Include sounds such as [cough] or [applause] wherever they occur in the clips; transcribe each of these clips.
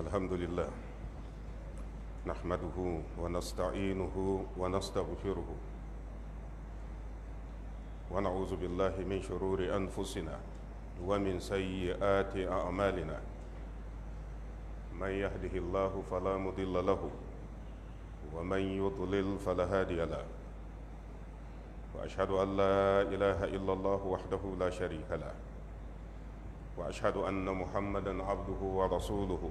الحمد لله نحمده ونستعينه ونستغفره ونعوذ بالله من شرور انفسنا ومن سيئات اعمالنا من يهده الله فلا مضل له ومن يضلل فلا هادي له واشهد ان لا اله الا الله وحده لا شريك له واشهد ان محمدا عبده ورسوله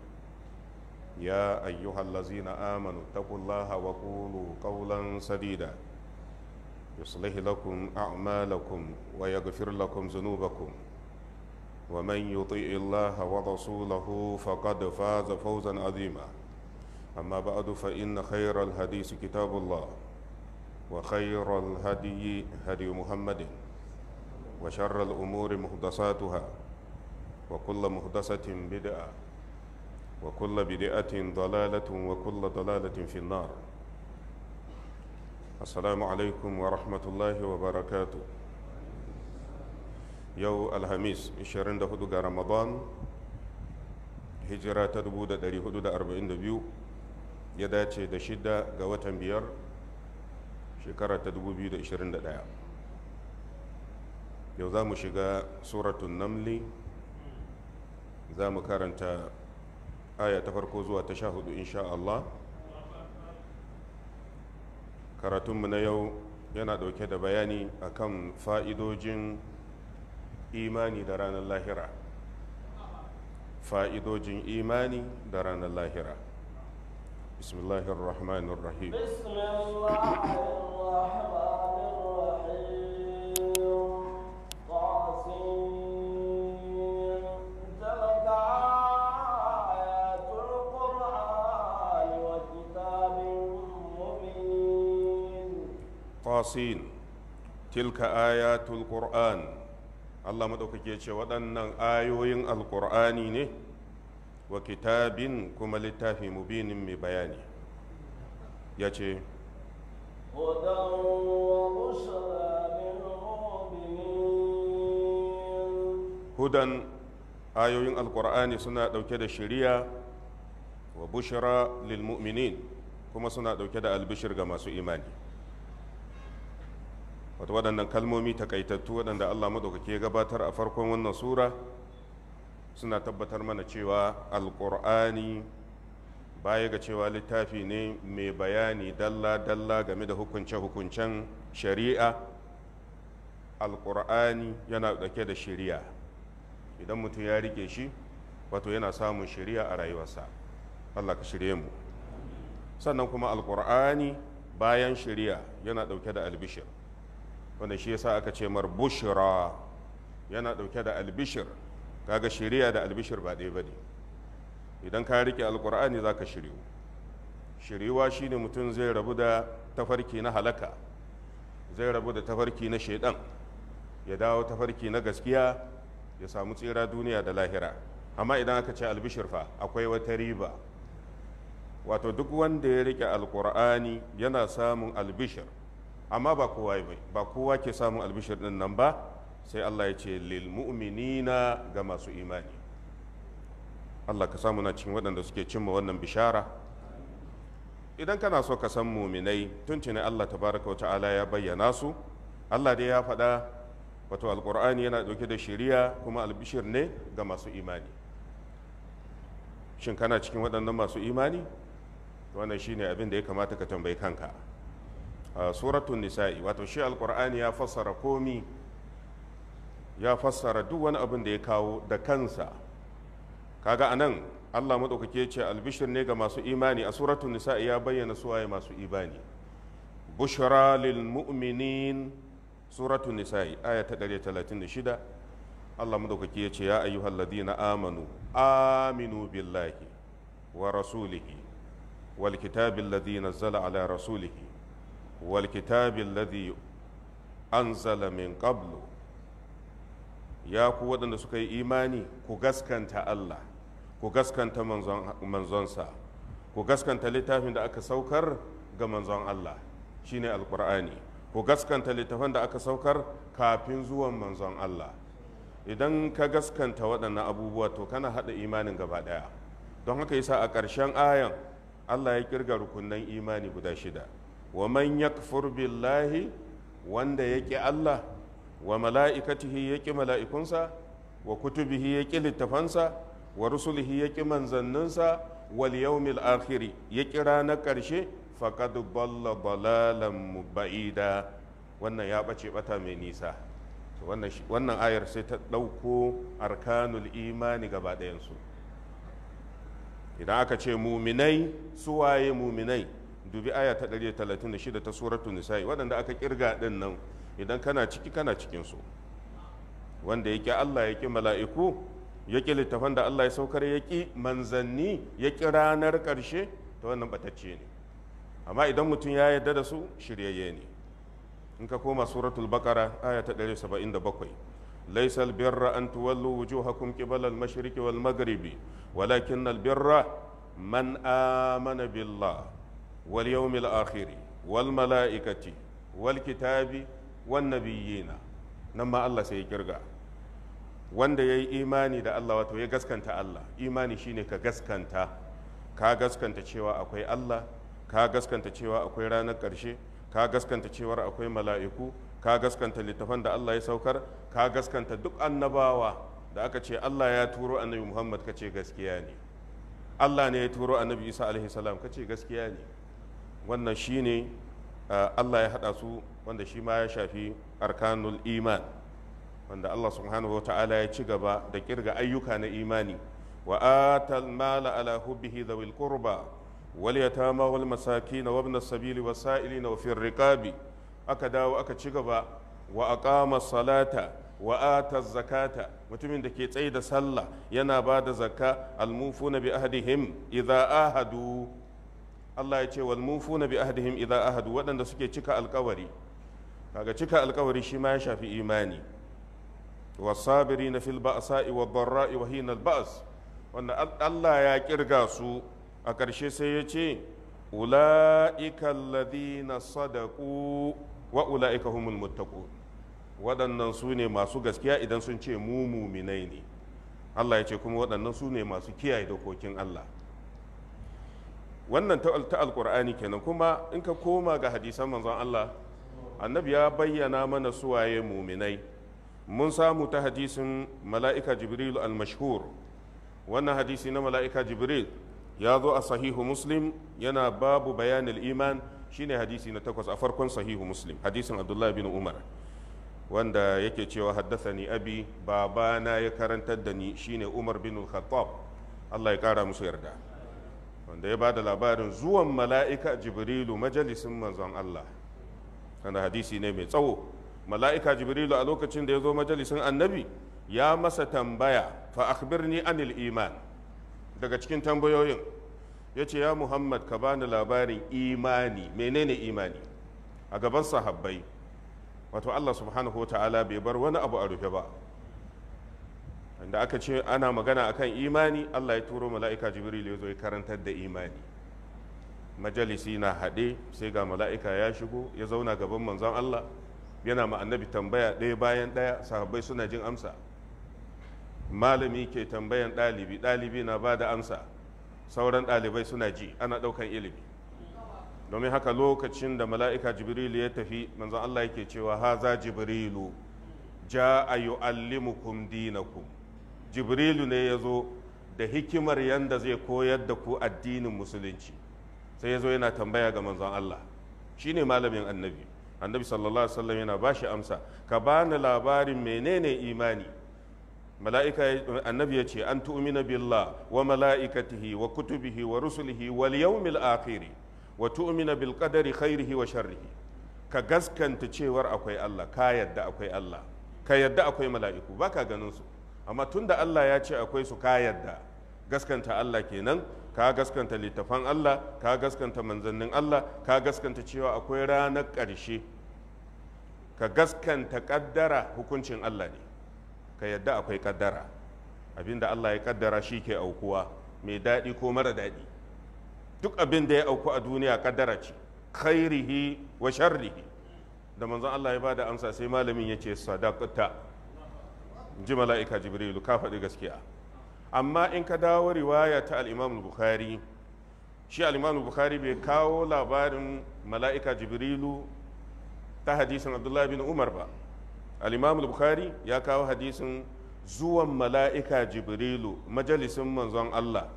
يا أيها الذين آمنوا اتقوا الله وقولوا قولا سديدا يصلح لكم أعمالكم ويغفر لكم ذنوبكم ومن يطيع الله ورسوله فقد فاز فوزا عظيما أما بعد فإن خير الحديث كتاب الله وخير الهدي هدي محمد وشر الأمور محدثاتها وكل محدثة بدعة وكل بدعة ضلالة وكل ضلالة في النار السلام عليكم ورحمة الله وبركاته يو الهميس 24 ga Ramadan hijira ta 1442 ya dace da shida ga watan biyar shekara ta 2021 yau za mu shiga suratun namli za mu karanta aya ta farko zuwa ta sha hudu insha Allah karatunmu na yau yana ɗauke da bayani akan fa'idojin imani da ranar lahira fa'idojin imani da ranar lahira بسم الله tasin tilka ayatul qur'an Allah madaukake ce waɗannan ayoyin alƙur'ani ne wa kitabin kuma littafi mubinin mai bayani ya ce hudan ayoyin alkur'ani suna ɗauke da shiriya wa bushira lil mu'minin kuma suna ɗauke da albishir ga masu imani waɗannan kalmomi takaitattu waɗanda Allah ya gabatar a farkon wannan sura suna tabbatar mana cewa alƙur'ani baya ga cewa littafi ne mai bayani dalla-dalla game da hukunce-hukuncen shari'a alƙur'ani yana ɗauke da shari'a idan mutum ya rike shi wato yana samun shari'a a rayuwarsa allah ka shirye mu sannan kuma alƙur'ani bayan shari'a yana ɗauke da albishir wanda shi yasa aka ce mar bushra yana ɗauke da albishir kaga shiriya da albishir ba ɗaya ba ne idan ka rike alkur'ani za ka shiryu shiryuwa shine mutum zai rabu da tafarki na halaka zai rabu da tafarki na shaidan ya dawo tafarki na gaskiya ya samu tsira duniya da lahira amma idan aka ce albishir fa akwai wata riba wato duk wanda ya rike alkur'ani yana samun albishir amma ba kowa ba kowa ke samun albishir din nan ba sai Allah ya ce lil mu'minina ga masu imani Allah ka samu na cikin waɗanda suke cimma wannan bishara idan kana so ka san muminai tun ne Allah tabaraka wa ta'ala ya bayyana su Allah dai ya faɗa wato alqur'ani yana dauke da shiriya kuma albishir ne ga masu imani shin kana cikin waɗannan masu imani wannan shine abin da ya kamata ka tambayi kanka suratun nisa'i wato shi alkur'ani ya fassara komi ya fassara duk wani abin da ya kawo da kansa kaga anan allah maɗaukake ce albishir ne ga masu imani a suratun nisa'i ya bayyana suwaye masu imani bushra lil mu'minin suratun nisa'i aya ta 136 allah maɗaukake ce ya ayyuhal ladina amanu aminu billahi wa rasulihi wal kitabil ladina zala ala rasulihi wal Ladi alladhi anzala min qablu ya ku waɗanda suka yi imani ku gaskanta Allah ku gaskanta manzonsa ku gaskanta littafin da aka saukar ga manzon Allah shine alkur'ani ku gaskanta littafin da aka saukar kafin zuwan manzon Allah idan ka gaskanta waɗannan abubuwa to kana haɗa imanin gaba ɗaya don haka yasa a karshen ayan Allah ya kirga rukunin imani guda shida wa man yakfur billahi wanda yaki Allah wa mala'ikatihi yaki mala'ikunsa wa kutubihi yaki littafansa wa rusulihi yaki manzanninsa wal yawmil akhiri yaki ranar karshe faqad balla balalan ba'ida wannan ya bace bata mai nisa wannan ayar sai ta ɗauko arkanul imani gaba ɗayansu idan aka ce muminai su waye muminai dubi aya ta 136 ta suratu nisa'i waɗanda aka kirga ɗin nan idan kana ciki kana cikinsu wanda ya ƙi allah ya ƙi mala'iku ya ƙi littafan da allah ya saukar ya manzanni ya ƙi ranar ƙarshe ta wannan batacce ne amma idan mutum ya yarda da su shiryayye ne in ka koma suratul bakara aya ta 177 ليس البر أن تولوا وجوهكم قبل المشرق والمغرب birra البر من آمن بالله wal yawmil akhiri wal mala'ikati wal kitabi nan ma Allah sai ya kirga wanda ya yi imani da Allah wato ya gaskanta Allah imani shine ka gaskanta ka gaskanta cewa akwai Allah ka gaskanta cewa akwai ranar ƙarshe ka gaskanta cewar akwai mala'iku ka gaskanta littafan da Allah ya saukar ka gaskanta duk annabawa da aka ce Allah ya turo annabi Muhammad kace gaskiya ne Allah ne ya turo annabi Isa alaihi salam kace gaskiya ne wannan shine eh, Allah ya haɗa su wanda shi ma ya shafi arkanul iman wanda Allah subhanahu wa ta'ala ya ci gaba da kirga ayyuka na imani wa atal mala ala hubbihi dhawil qurba wal yatama wal masakin wa ibn as-sabil wasailin wa fir riqabi aka dawo aka ci gaba wa aqama salata wa ata zakata mutumin da ke tsaye da sallah yana ba da zakka almufuna bi ahdihim idza ahadu Allah ya ce wal mufuna bi ahdihim idza ahadu waɗanda suke cika alkawari kaga cika alkawari shi ma ya shafi imani wasabiri fil ba'sa'i wad dharra'i wa hina al ba's wanda Allah ya kirga su a ƙarshe sai ya ce ula'ika alladhina sadaqu wa ula'ika humul muttaqun waɗannan su ne masu gaskiya idan sun ce mu muminai ne Allah ya ce kuma waɗannan su ne masu kiyaye dokokin Allah wannan ta alkur'ani kenan kuma in ka koma ga hadisan manzon Allah annabi ya bayyana mana suwaye muminai mun samu ta hadisin mala'ika jibril al-mashhur wannan hadisi na mala'ika jibril ya zo a sahihu muslim yana babu bayanin iman shine hadisi na takwas a farkon sahihu muslim hadisin abdullahi bin umar wanda yake cewa ni abi babana ya karantar da ni shine umar bin khattab allah ya kara musu yarda wanda ya ba da labarin zuwan mala'ika jibrilu majalisin manzon Allah wanda hadisi ne mai tsawo mala'ika jibrilu a lokacin da ya zo majalisin annabi ya masa tambaya fa akhbirni anil iman daga cikin tambayoyin ya ce ya muhammad ka bani labarin imani menene imani a gaban sahabbai wato allah subhanahu wa ta'ala bai bar wani abu a rufe ba da aka ce ana magana akan imani Allah ya turo mala'ika jibril ya zo ya karantar da imani majalisi na haɗe sai ga mala'ika ya shigo ya zauna gaban manzon Allah yana ma annabi tambaya ɗaya bayan ɗaya sahabbai suna jin amsa malami ke tambayan ɗalibi ɗalibi na bada amsa sauran ɗalibai suna ji ana ɗaukan ilimi domin haka lokacin da mala'ika jibrilu ya tafi manzon Allah yake cewa haza jibrilu ja a yu'allimukum dinakum jibrilu ne ya zo da hikimar yanda zai koyar da ku addinin musulunci sai ya zo yana tambaya ga manzon Allah shine malamin annabi annabi sallallahu alaihi wasallam yana bashi amsa ka bani labarin menene imani mala'ika annabi ya ce an tu'mina billah wa mala'ikatihi wa kutubihi wa rusulihi wal yawmil akhir wa tu'mina bil qadari khairihi wa sharrihi ka gaskanta cewar akwai Allah ka yadda akwai Allah ka yadda akwai mala'iku baka ganin su amma tun da Allah ya ce akwai su ka yadda gaskanta Allah kenan ka gaskanta littafan Allah ka gaskanta manzannin Allah ka gaskanta cewa akwai ranar ƙarshe ka gaskanta ƙaddara hukuncin Allah ne ka yadda akwai ƙaddara abinda Allah ya ƙaddara shi ke aukuwa mai daɗi ko mara daɗi duk abin da ya auku a duniya ƙaddara ce khairihi wa sharrihi da manzon Allah ya ba da amsa sai malamin ya ce sadaqta ji mala'ika jibrilu ka faɗi gaskiya amma in ka dawo riwaya ta al'imam bukhari shi al'imam bukhari bai kawo labarin mala'ika jibrilu ta hadisin abdullahi bin umar ba al'imam bukhari ya kawo hadisin zuwan mala'ika jibrilu majalisin manzon allah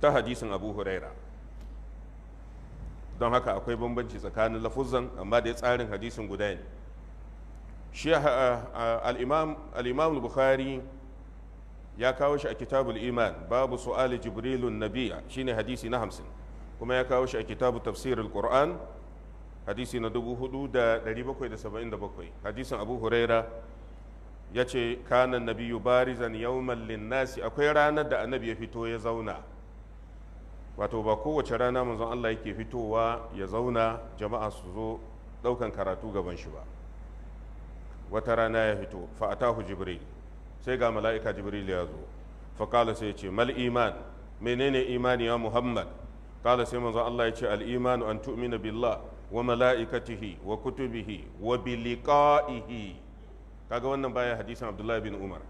ta hadisin abu huraira don haka akwai bambanci tsakanin lafuzan amma da tsarin hadisin guda ne shi al bukhari ya kawo shi a kitabul iman babu su'ali jibrilun nabiya shine hadisi na hamsin kuma ya kawo shi a kitabu tafsirin qur'an hadisi na 4777 hadisin abu huraira ya ce kanan nabiyu barizan yawman linnasi akwai ranar da annabi ya fito ya zauna wato ba kowace rana manzon Allah yake fitowa ya zauna jama'a su zo ɗaukan karatu gaban shi ba wata rana ya fito Fa'atahu jibril sai ga mala'ika jibril ya zo fa kala sai ce mal iman menene imani ya muhammad kala sai manzo Allah ya ce al imanu an tu'mina billah wa mala'ikatihi wa kutubihi wa bi liqa'ihi kaga wannan baya hadisin abdullahi bin umar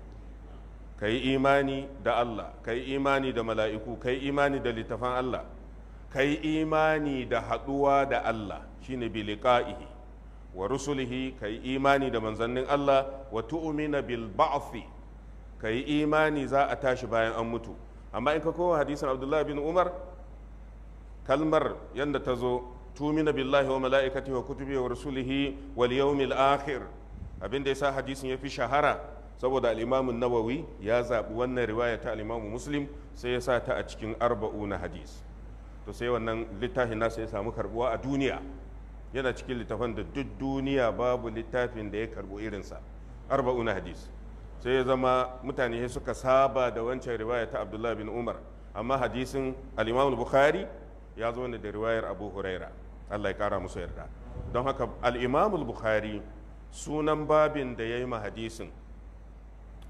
ka yi imani da Allah ka yi imani da mala'iku ka yi imani da littafan Allah ka yi imani da haɗuwa da Allah shine biliqa'ihi wa rusulihi ka yi imani da manzannin Allah wa tu'mina bil ka yi imani za a tashi bayan an mutu amma in ka kowa hadisin Abdullahi bin Umar kalmar yadda ta zo tumina billahi wa mala'ikati wa kutubi wa rusulihi wal yawmil akhir abinda yasa hadisin ya fi shahara saboda al-Imam nawawi ya zaɓi wannan riwaya ta al-Imam Muslim sai ya sa ta a cikin arba'una hadis to sai wannan littafin nasa ya samu karbuwa a duniya yana cikin littafin da duk duniya babu littafin da ya karbo irinsa arba'una hadis sai ya zama mutane suka saba da wancan riwaya ta abdullahi bin umar amma hadisin al-imam bukhari ya zo ne da riwayar abu huraira allah ya kara musu yarda don haka al-imam bukhari sunan babin da ya yi ma hadisin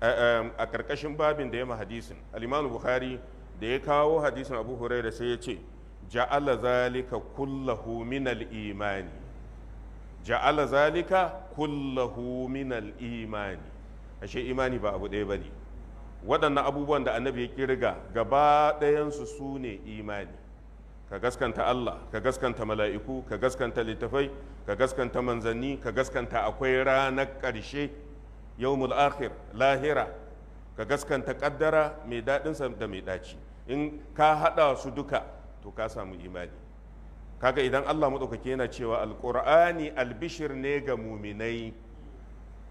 a karkashin babin da ya yi ma hadisin al-imam bukhari da ya kawo hadisin abu huraira sai ya ce ja'ala zalika kullahu minal imani ja'ala zalika kullahu minal imani ashe imani ba abu ɗaya ne. waɗannan abubuwan da annabi ya kirga gaba ɗayansu su ne imani ka gaskanta Allah ka gaskanta mala'iku ka gaskanta littafai ka gaskanta manzanni ka gaskanta akwai ranar ƙarshe yawmul lahira ka gaskanta ƙaddara mai daɗinsa da mai ɗaci in ka haɗa su duka to ka samu imani kaga idan Allah maɗaukaki yana cewa alƙur'ani albishir ne ga muminai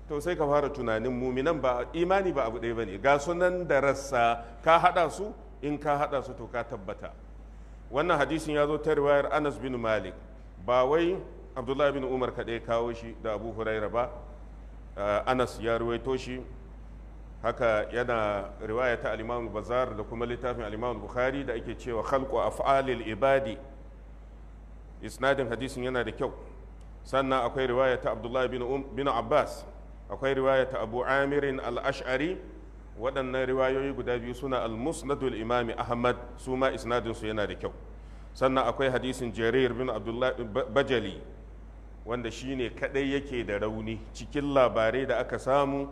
to sai ka fara tunanin muminan ba imani ba abu ɗaya ba ne ga sunan da rassa ka haɗa su in ka haɗa su to ka tabbata wannan hadisin ya zo ta riwayar anas bin malik ba wai abdullahi bin umar kaɗai kawo shi da abu huraira ba eh, anas ya ruwaito shi haka yana riwaya ta al bazar da kuma littafin al bukhari da ake cewa khalqu af'alil ibadi isnadin hadisin yana da kyau sannan akwai riwaya ta abdullahi bin um, abbas akwai riwaya ta abu amirin al-ash'ari waɗannan riwayoyi guda biyu suna al-musnadul imami ahmad su ma yana da kyau sannan akwai hadisin jarir bin bajali wanda shi ne kaɗai yake da rauni cikin labarai da aka samu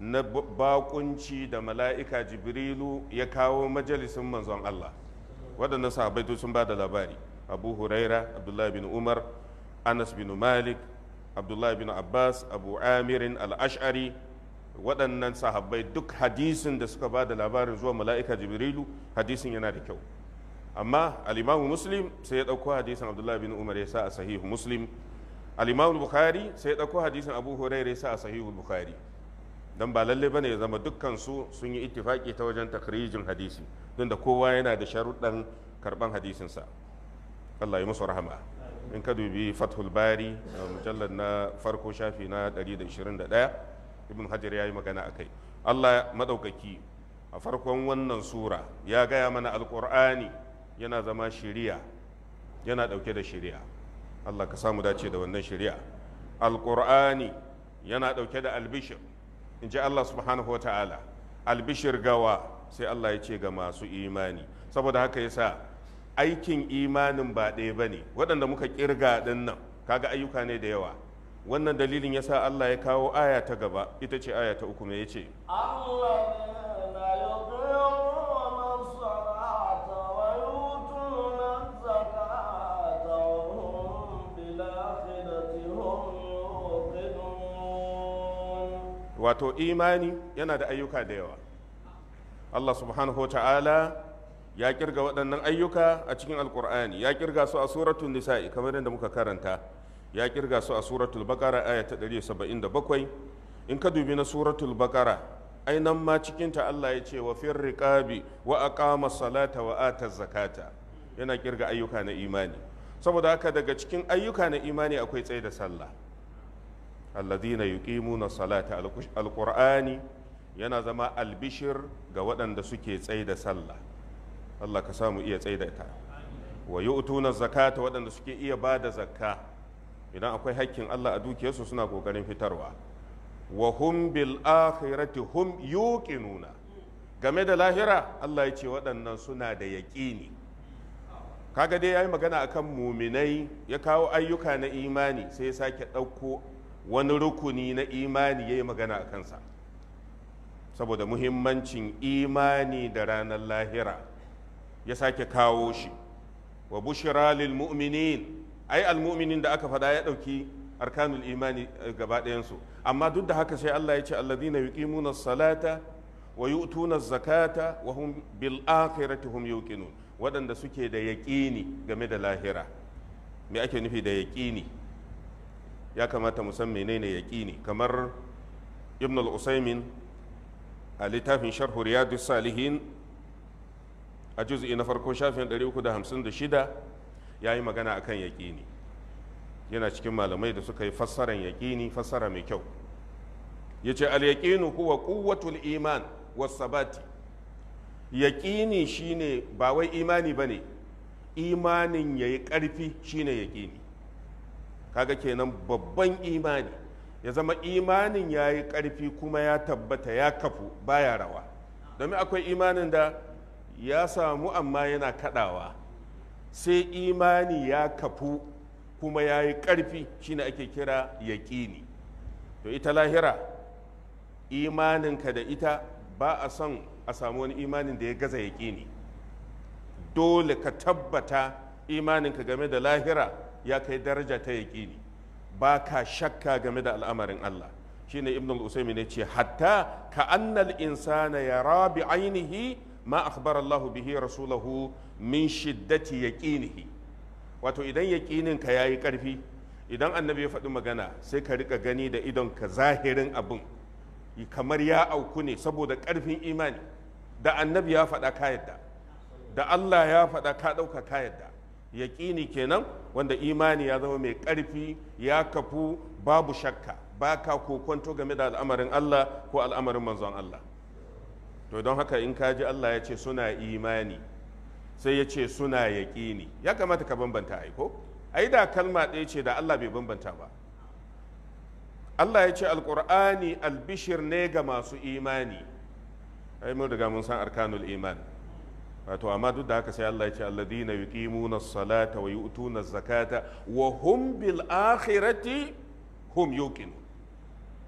na bakunci da mala'ika jibrilu ya kawo majalisin manzon Allah waɗannan sahabbai sun ba da labari abu huraira abdullahi bin umar anas bin malik abdullahi bin abbas abu amirin al'ash'ari waɗannan sahabbai duk hadisin da suka ba da labarin zuwa mala'ika jibrilu hadisin yana da kyau amma alimamu muslim sai ya ɗauko hadisin abdullahi bin umar ya sa a sahihu muslim alimamu bukhari sai ya ɗauko hadisin abu huraira ya sa a sahihu bukhari don ba lalle bane ya zama dukkan su sun yi ittifaki ta wajen takrijin hadisi don da kowa yana da sharuɗan karban hadisinsa Allah ya musu rahama in ka dubi fathul bari mujallar na farko shafi na 121 ibn hajar ya yi magana a kai Allah maɗaukaki a farkon wannan sura ya gaya mana alƙur'ani yana zama shiriya yana ɗauke da shiriya Allah ka samu dace da wannan shiriya alƙur'ani yana ɗauke da albishir in ji Allah subhanahu wa ta'ala albishir gawa sai Allah ya ce ga masu imani saboda haka yasa aikin imanin ba ɗaya ba ne waɗanda muka ƙirga ɗin nan kaga ayyuka ne da yawa wannan dalilin yasa Allah ya kawo aya ta gaba ita ce aya ta uku me ya ce wato imani yana da ayyuka da yawa Allah subhanahu ta'ala ya kirga waɗannan ayyuka a cikin alkur'ani ya kirga su a suratun nisa'i kamar yadda muka karanta ya kirga su a suratul baqara aya ta 177 in ka dubi na suratul baqara ainan ma cikinta Allah ya ce wa fir riqabi wa aqama salata wa ata zakata yana kirga ayyuka na imani saboda haka daga cikin ayyuka na imani akwai tsaye da sallah alladina yuqimuna salata alqur'ani yana zama albishir ga waɗanda suke tsaye da sallah Allah ka samu iya tsaye da ita wa yu'tuna zakata waɗanda suke iya ba da zakka idan akwai hakkin Allah a dukiyarsu suna kokarin fitarwa wa hum bil akhirati hum yuqinuna game da lahira Allah ya ce waɗannan suna da yaƙini kaga dai yayi magana akan muminai ya kawo ayyuka na imani sai ya sake ɗauko wani rukuni na imani ya yi magana a kansa saboda muhimmancin imani da ranar lahira ya sake kawo shi wa bushira lil mu'minin ai muminin da aka faɗa ya ɗauki arkanul imani eh, gaba ɗayansu amma duk da haka sai Allah ya ce alladhina yuqimuna salata wa yu'tuna zakata wa hum bil akhirati hum yuqinun waɗanda suke da yaƙini game da lahira me ake nufi da yaƙini ya kamata mu san menene yaƙini kamar ibn al-usaimin a littafin sharhu riyadu salihin a juz'i na farko shafin 356 ya yi magana akan yaƙini yana cikin malamai da suka yi fassaran yaƙini fassara mai kyau ya ce al-yaƙinu kuwa ƙuwatul iman wasabati yaƙini shine ba wai imani ba ne imanin ya yi ƙarfi shine yaƙini kaga kenan babban imani ya zama imanin ya yi ƙarfi kuma ya tabbata ya kafu baya rawa domin akwai imanin da ya samu amma yana kaɗawa sai imani ya kafu kuma ya yi ƙarfi shine ake kira yaƙini to ita lahira imaninka da ita ba a son a samu wani imanin da ya gaza yaƙini dole ka tabbata imaninka game da lahira ya kai daraja ta yaƙini ba ka shakka game da al'amarin Allah shine ibn al-usaymin ya ce hatta ka annal insana ya rabi ainihi ma akhbar Allah bihi rasulahu min shiddati yaqinihi wato idan yaqinin ka yayi karfi idan annabi ya faɗi magana sai ka rika gani da idon ka zahirin abin kamar ya auku ne saboda ƙarfin imani da annabi ya faɗa ka yadda da Allah ya faɗa ka ɗauka ka yadda yaƙini kenan wanda imani ya zama mai ƙarfi ya kafu babu shakka baka kokonto game da al'amarin Allah ko al'amarin manzon Allah to don haka in ka ji Allah ya ce suna imani sai ya ce suna yaƙini ya kamata ka bambanta aiko ai da kalma ɗaya ce da Allah bai bambanta ba Allah ya ce alƙur'ani albishir ne ga masu imani ai mun riga mun san arkanul iman wato amma duk da haka sai Allah ya ce alladina yuqimuna salata wa yu'tuna zakata wa hum bil akhirati hum yuqin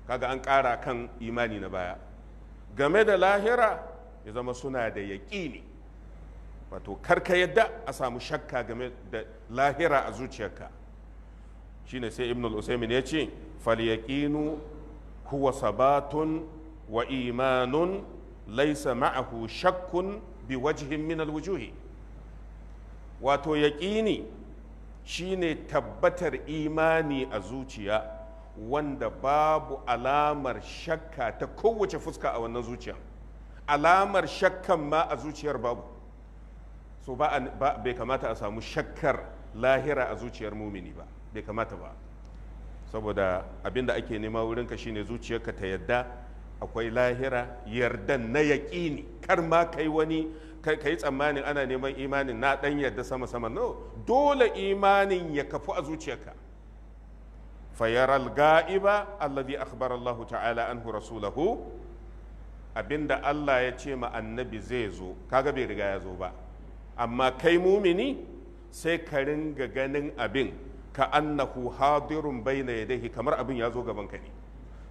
kaga an ƙara kan imani na baya game da lahira ya zama suna da yaƙini wato karka yadda a samu shakka game da lahira a zuciyarka shine sai ibn al-usaymin ya ce fal yaqinu huwa sabatun wa imanun laysa ma'ahu shakkun bi wajihin Minal alwujuhi wato yaqini shine tabbatar imani a zuciya wanda babu alamar shakka ta kowace fuska a wannan zuciya alamar shakkan ma a zuciyar babu so ba bai kamata a samu shakkar lahira a zuciyar mumini ba bai kamata ba saboda abinda ake nema wurinka shine zuciyarka ta yadda akwai lahira yardan na yaƙini kar ma kai wani kai tsammanin ana neman imanin na ɗan yadda sama sama no dole imanin ya kafu a zuciyarka fayaral ga'iba alladhi akhbara Allah ta'ala anhu rasulahu abinda Allah ya ce ma annabi zai zo kaga bai riga ya zo ba amma kai mumini sai ka ringa ganin abin ka annahu hadirun bayna yadayhi kamar abin ya zo gaban ka ne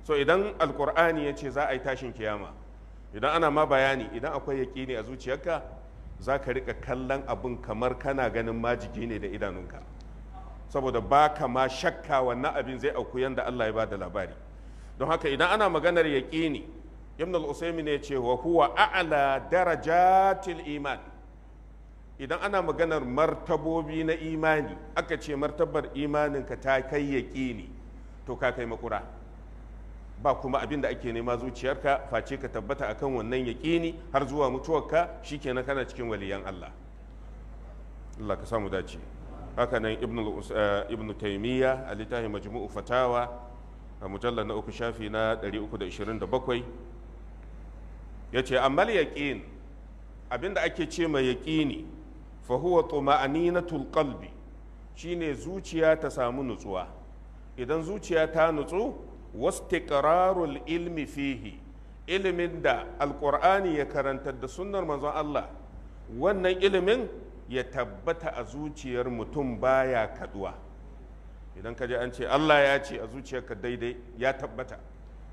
so idan alqur'ani ya ce za a yi tashin kiyama idan ana ma bayani idan akwai yaƙini a zuciyarka za ka rika kallon abin kamar kana ganin majigi ne da idanunka saboda ba ka ma shakka wannan abin zai auku yadda Allah ya ba da labari don haka idan ana maganar yaƙini ibn al ne ce wa huwa daraja darajatil iman idan ana maganar martabobi na imani aka ce martabar imaninka ta kai yaƙini to ka kai makura ba kuma abin da ake nema zuciyarka face ka tabbata akan wannan yaƙini har zuwa mutuwarka shikenan kana cikin waliyan Allah Allah ka samu dace haka nan ibn eh, taimiyya a littafin majmu'u fatawa a mujallar na uku shafi na 327 ya ce amma yaƙin abinda ake ce mai yaƙini fa huwa tuma'aninatul qalbi shine zuciya ta samu nutsuwa idan zuciya ta nutsu wastiqrarul ilmi fihi ilimin da Alƙur'ani ya karantar da sunnar manzon Allah wannan ilimin ya tabbata a zuciyar mutum baya kaduwa idan ka je an ce Allah ya ce a zuciyarka daidai ya tabbata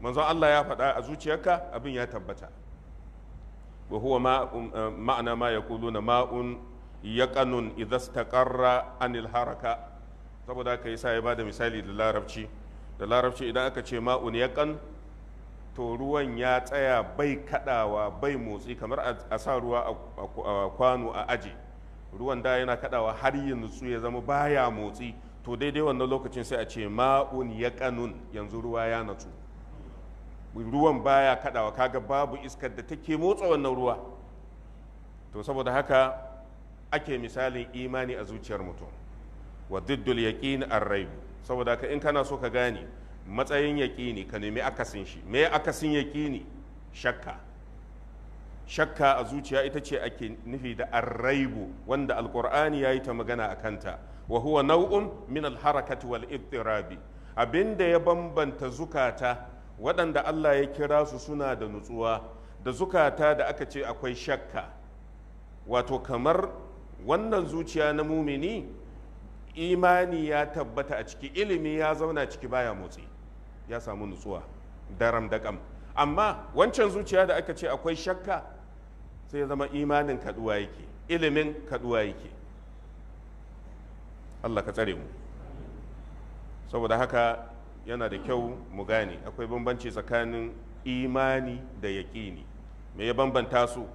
manzon Allah ya faɗa a zuciyarka abin ya tabbata wa huwa ma'ana ma yaquluna ma'un yaqanun idza istaqarra anil haraka saboda haka sa ya bada misali da larabci da larabci idan aka ce ma'un yakan to ruwan ya tsaya bai kadawa bai motsi kamar a sa ruwa a kwano a aji ruwan da yana kadawa har yanzu ya zama baya motsi to daidai wannan lokacin sai a ce ma'un yakanun yanzu ruwa ya natsu ruwan baya kadawa kaga babu iskar da take motsa wannan ruwa to saboda haka ake misalin imani a zuciyar mutum wa diddul yaqin ar-raib saboda ka in kana so ka gane matsayin yaƙini ka nemi akasin shi me akasin yaƙini shakka shakka a zuciya ita ce ake nufi da arraibu wanda alkur'ani ya yi ta magana a kanta wa huwa nau'un min alharakati wal ittirabi abinda ya bambanta zukata waɗanda Allah ya kira su suna da nutsuwa da zukata da aka ce akwai shakka wato kamar wannan zuciya na mumini imani ya tabbata a ciki ilimi ya zauna ciki baya motsi ya samu nutsuwa daram da kam amma wancan zuciya da aka ce akwai shakka sai ya zama imanin kaduwa yake ilimin kaduwa yake Allah ka tsare mu saboda haka yana da kyau mu gane akwai bambanci tsakanin imani da yaƙini me ya bambanta su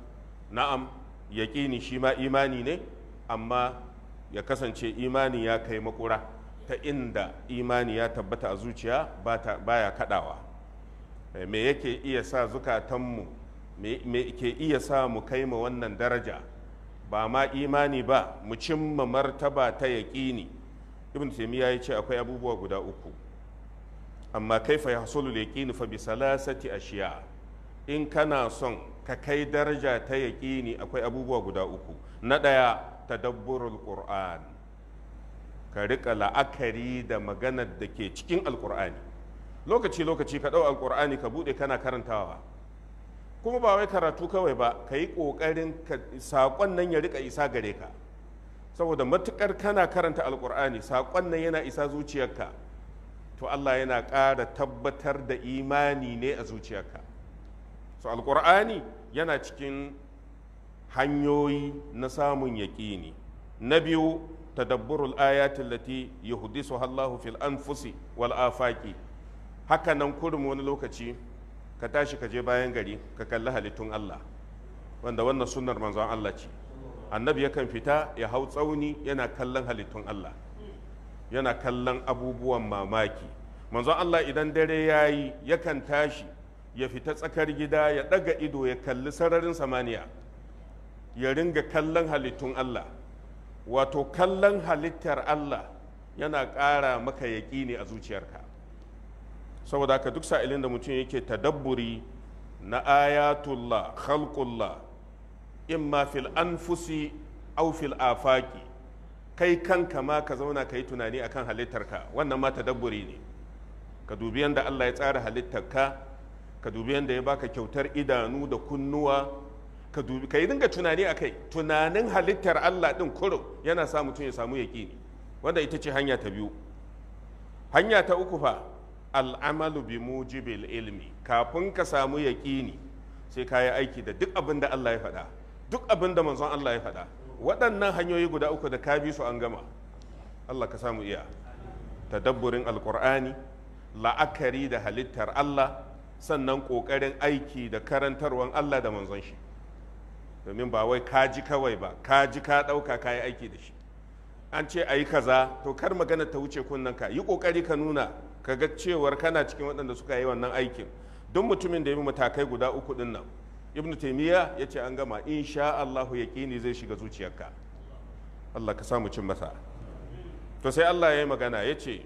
na'am yaƙini shi ma imani ne amma ya kasance imani ya kai makura ta inda imani ya tabbata a zuciya baya kadawa eh, me yake iya sa zukatanmu me ke iya sa mu kai ma wannan daraja ba ma imani ba mu cimma martaba ta yaƙini ibn taymiya ya ce akwai abubuwa guda uku amma kaifa ya hasulu yaƙini fa bi salasati ashiya in kana son ka kai daraja ta yaƙini akwai abubuwa guda uku na ɗaya tadabburul qur'an ka rika la'akari da maganar da ke cikin alqur'ani lokaci lokaci ka dau alqur'ani ka bude kana karantawa kuma ba wai karatu kawai ba ka yi kokarin saƙon nan ya rika isa gare ka saboda matukar kana karanta alqur'ani sakon nan yana isa zuciyarka to Allah yana ƙara tabbatar da imani ne a zuciyarka so alqur'ani yana cikin hanyoyi na samun yaƙini na biyu tadabburul ayatin lati yahudisu hallahu fil anfusi wal afaki haka nan wani lokaci ka tashi ka je bayan gari ka kalli halittun Allah wanda wannan sunnar manzon Allah ce annabi yakan fita ya hau tsauni yana kallon halittun Allah yana kallon abubuwan mamaki manzon Allah idan dare ya yi yakan tashi ya fita tsakar gida ya ɗaga ido ya kalli sararin samaniya ya ringa kallon halittun Allah wato kallon halittar Allah yana ƙara maka ne a zuciyarka saboda haka duk sa'ilin da mutum yake tadabburi na ayatullah khalqullah imma fil anfusi aw fil afaki kai kanka ma ka zauna ka yi tunani akan halittarka wannan ma tadabburi ne ka dubi yadda Allah ya tsara halittarka ka dubi yadda ya baka kyautar idanu da kunnuwa ka dubi ka yi dinga tunani a kai tunanin halittar Allah ɗin kurum yana sa mutum ya samu yaƙini wanda ita ce hanya ta biyu hanya ta uku fa al'amalu bi mujibil ilmi kafin ka samu yaƙini sai ka yi aiki da duk abin da Allah ya faɗa duk abin da manzon Allah ya faɗa waɗannan hanyoyi guda uku da ka bi su an gama Allah ka samu iya tadabburin alƙur'ani la'akari da halittar Allah sannan ƙoƙarin aiki da karantarwan Allah da manzon shi domin ba wai ka ji kawai ba ka ji ka ɗauka ka yi aiki da shi an ce a yi kaza to kar magana ta wuce kunnen ka yi ƙoƙari ka nuna ka ga cewar kana cikin waɗanda suka yi wannan aikin don mutumin da ya bi matakai guda uku ɗin nan ibnu taimiyya ya ce an gama insha allahu yaƙini zai shiga zuciyarka allah ka samu cin masa to sai allah ya yi magana ya ce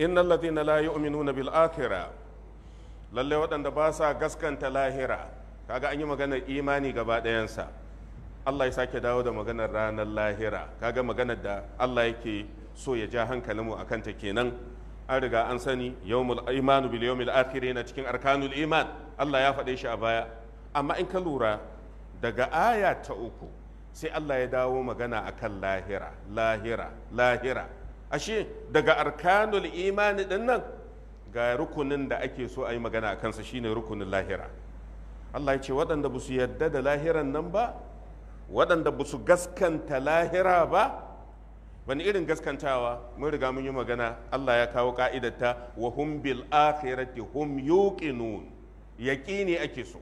innal ladina la yu'minuna bil akhirah lalle waɗanda ba sa gaskanta lahira kaga an yi maganar imani gaba ɗayansa Allah ya sake dawo da maganar ranar lahira kaga maganar da Allah yake so ya ja hankalinmu a kanta kenan an riga an sani yawmul imanu bil yawmil na cikin arkanul iman Allah ya faɗe shi a baya amma in ka lura daga aya ta uku sai Allah ya dawo magana akan lahira lahira lahira ashe daga arkanul imani din nan ga rukunin da ake so a yi magana a kansa shine rukunin lahira Allah ya ce waɗanda ba su yarda da lahiran nan ba waɗanda ba su gaskanta lahira ba wani irin gaskantawa mun riga mun yi magana Allah ya kawo ka'idarta wa hum bil akhirati hum yuqinun yaqini ake so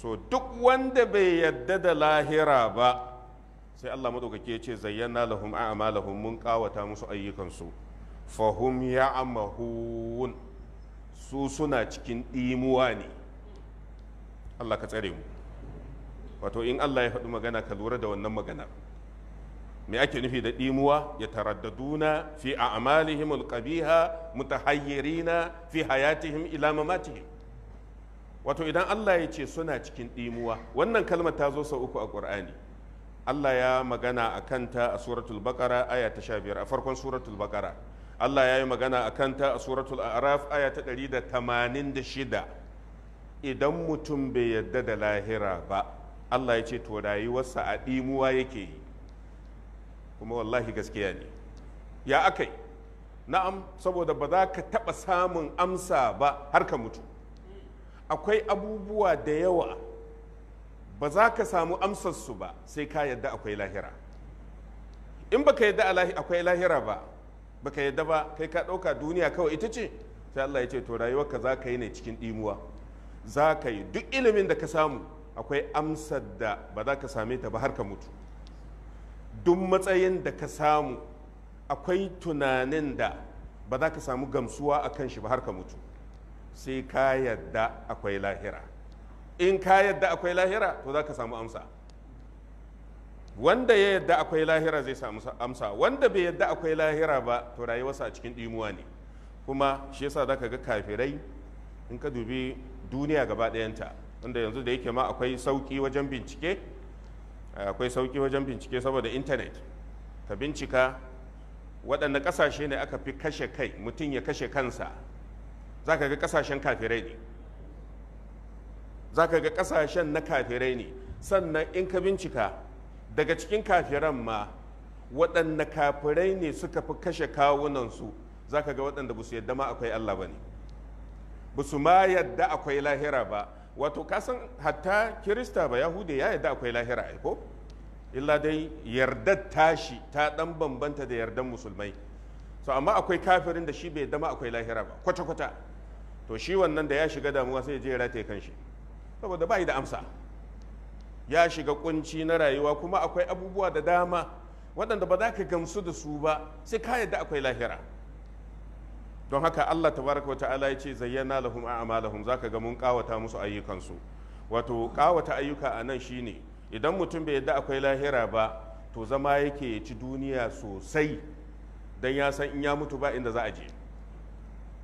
so duk wanda bai yadda da lahira ba sai Allah madaukake ya ce zayyana lahum a'malahum mun kawata musu ayyukansu fahum ya'mahun su suna cikin ɗimuwa ne Allah ka tsare mu wato in Allah ya faɗi magana ka lura da wannan maganar me ake nufi da ɗimuwa ya taraddaduna fi a'malihim alqabiha mutahayyirina fi hayatihim ila mamatihim wato idan Allah ya ce suna cikin ɗimuwa wannan kalmar ta zo sau uku a Qur'ani Allah ya magana a kanta a suratul bakara aya ta sha biyar a farkon suratul bakara Allah ya yi magana a kanta a suratul araf aya ta ɗari da tamanin da shida idan mutum bai yadda da lahira ba Allah ya ce to rayuwarsa a ɗimuwa yake yi kuma wallahi gaskiya ne ya akai na'am saboda ba za ka taɓa samun amsa ba har ka mutu akwai abubuwa da yawa ba za ka samu amsarsu ba sai ka yadda akwai lahira in baka yadda akwai lahira ba baka yadda ba kai ka ɗauka duniya kawai ita ce sai Allah ya ce to rayuwarka za ka yi ne cikin ɗimuwa za ka yi duk ilimin da ka samu akwai amsar da ba za ka same ta ba har ka mutu duk matsayin da ka samu akwai tunanin da ba za ka samu gamsuwa a kan shi ba har ka mutu sai ka yadda akwai lahira in ka yadda akwai lahira to za ka samu amsa wanda ya yadda akwai lahira zai samu amsa wanda bai yadda akwai lahira ba to rayuwarsa a cikin ɗimuwa ne kuma shi yasa za ka ga kafirai in ka dubi duniya gaba ɗayanta wanda yanzu da yake ma akwai sauƙi wajen bincike akwai sauƙi wajen bincike saboda intanet ka bincika waɗanne ƙasashe ne aka fi kashe kai mutum ya kashe kansa za ka ga ƙasashen kafirai ne za ka ga kasashen na kafirai ne sannan in ka bincika daga cikin kafiran ma waɗanne kafirai ne suka fi kashe kawunansu za ka ga waɗanda ba su yadda ma akwai Allah ba ne ba su ma yadda akwai lahira ba wato kasan hatta kirista ba yahude ya yadda akwai lahira aiko illa dai yardar tashi ta ɗan bambanta da yardar musulmai so amma akwai kafirin da shi bai yadda ma akwai lahira ba kwata-kwata to shi wannan da ya shiga damuwa sai ya je ya rataye kan shi saboda bai da amsa ya shiga kunci na rayuwa kuma akwai abubuwa da dama waɗanda ba za ka gamsu da su ba sai ka yadda akwai lahira don haka Allah tabaraka wa ta'ala ya ce zayyana lahum a'malahum ka ga mun kawata musu ayyukansu wato kawata ayyuka a nan shine idan mutum bai yadda akwai lahira ba to zama yake ya ci duniya sosai don ya san in ya mutu ba inda za a je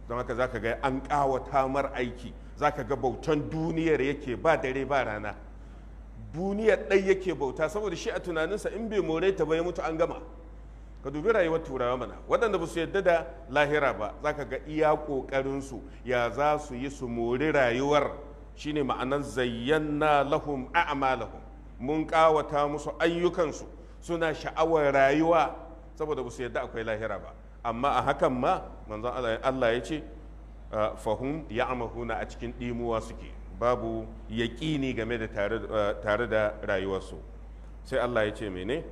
don haka za ka ga an kawata mar aiki za ka ga bautan duniyar yake ba dare ba rana duniyar ɗai yake bauta saboda shi a tunaninsa in bai more ta ba ya mutu an gama ka dubi rayuwar turawa mana waɗanda ba su yadda da lahira ba za ka ga iya ƙoƙarinsu ya za su yi su mori rayuwar shine ma'anar zayyana lahum a'malahum mun ƙawata musu ayyukansu suna sha'awar rayuwa saboda ba su yadda akwai lahira ba amma a hakan ma manzon Allah ya ce fahum ya amahuna a cikin ɗimuwa suke babu yaƙini game da tare da rayuwarsu sai Allah ya ce mene?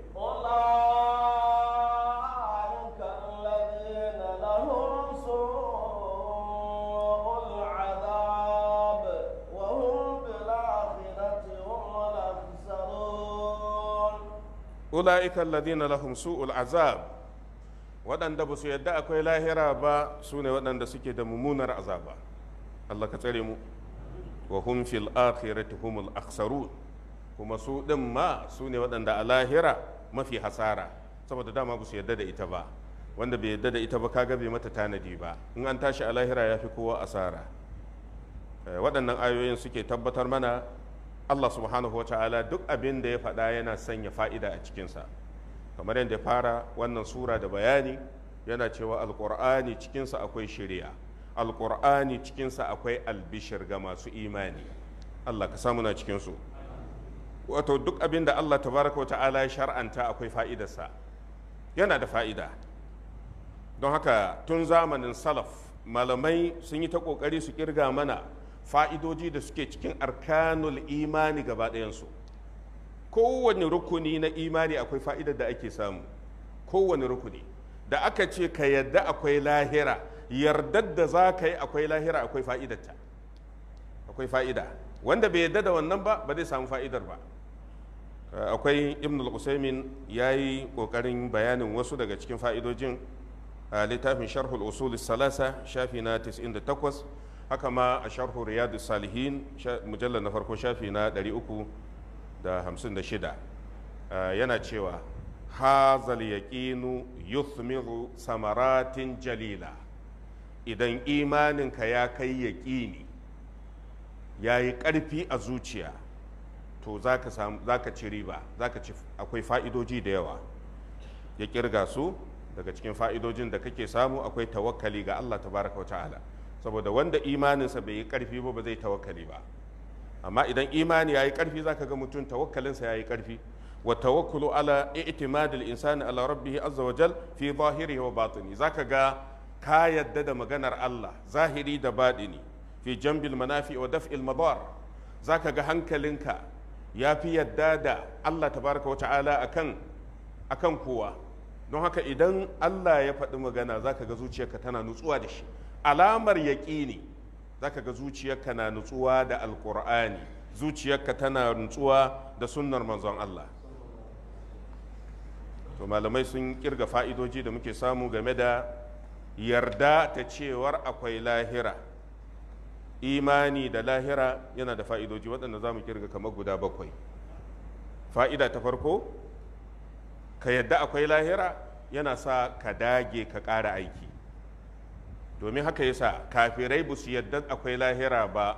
أولئك الذين لهم سوء العذاب waɗanda ba su yadda akwai lahira ba su ne waɗanda suke da mummunar azaba Allah ka tsare mu wa hum fil akhirati humul aksarun kuma su ɗin ma su ne waɗanda a lahira mafi hasara saboda dama ba su yadda da ita ba wanda bai yadda da ita ba kaga bai mata tanadi ba in an tashi a lahira ya fi kowa asara eh, waɗannan ayoyin suke tabbatar mana Allah subhanahu wa ta'ala duk abin da ya faɗa yana sanya fa'ida a cikinsa. kamar yadda fara wannan sura da bayani yana cewa al'kur'ani cikinsa akwai shirya al'kur'ani cikinsa akwai albishir ga masu imani allah ka samuna cikinsu wato duk abin da allah ta wa ta'ala ya shar'anta akwai fa'idarsa yana da fa'ida don haka tun zamanin salaf malamai sun yi ta ƙoƙari su ƙirga mana fa'idoji da suke cikin arkanul imani gaba ɗayansu kowane rukuni na imani akwai fa'ida da ake samu kowane rukuni da aka ce ka yadda akwai lahira yardar da za ka yi akwai lahira akwai fa'idarta akwai fa'ida wanda bai yadda da wannan ba ba zai samu fa'idar ba akwai ibn al ya yi ƙoƙarin bayanin wasu daga cikin fa'idojin a littafin sharhul usul salasa shafi na 98 haka ma a sharhu riyadu salihin mujallar na farko shafi na 300 da hamsin da shida yana cewa hazal yaƙinu yuthmiru samaratin jalila idan imaninka ya kai yaƙini ya yi ƙarfi a zuciya to za ka ci riba za ka ci akwai fa'idoji da yawa ya ƙirga su daga cikin fa'idojin da kake samu akwai tawakkali ga Allah tabaraka Wata ala saboda wanda imaninsa bai yi ƙarfi ba ba zai tawakkali ba amma idan imani yayi karfi ka ga mutum tawakkalinsa yayi karfi wa tawakkulu ala i'timadil insani ala rabbihi azza wa jal fi zahirihi wa batini zaka ga ka yadda da maganar Allah zahiri da baɗini fi jambil manafi wa daf'il madar zaka ga hankalinka ya fi yadda da Allah tabaraka wa ta'ala akan akan kowa don haka idan Allah ya faɗi magana zaka ga zuciyarka tana nutsuwa da shi alamar yaƙini zaka ga zuciyarka na nutsuwa da alkur'ani zuciyarka tana nutsuwa da sunnar manzon Allah to malamai sun kirga fa'idoji da muke samu game da yarda ta cewar akwai lahira imani da lahira yana da fa'idoji waɗanda za mu kirga kamar guda bakwai fa'ida ta farko ka yadda akwai lahira yana sa ka dage ka ƙara aiki domin haka yasa kafirai ba su yadda akwai lahira ba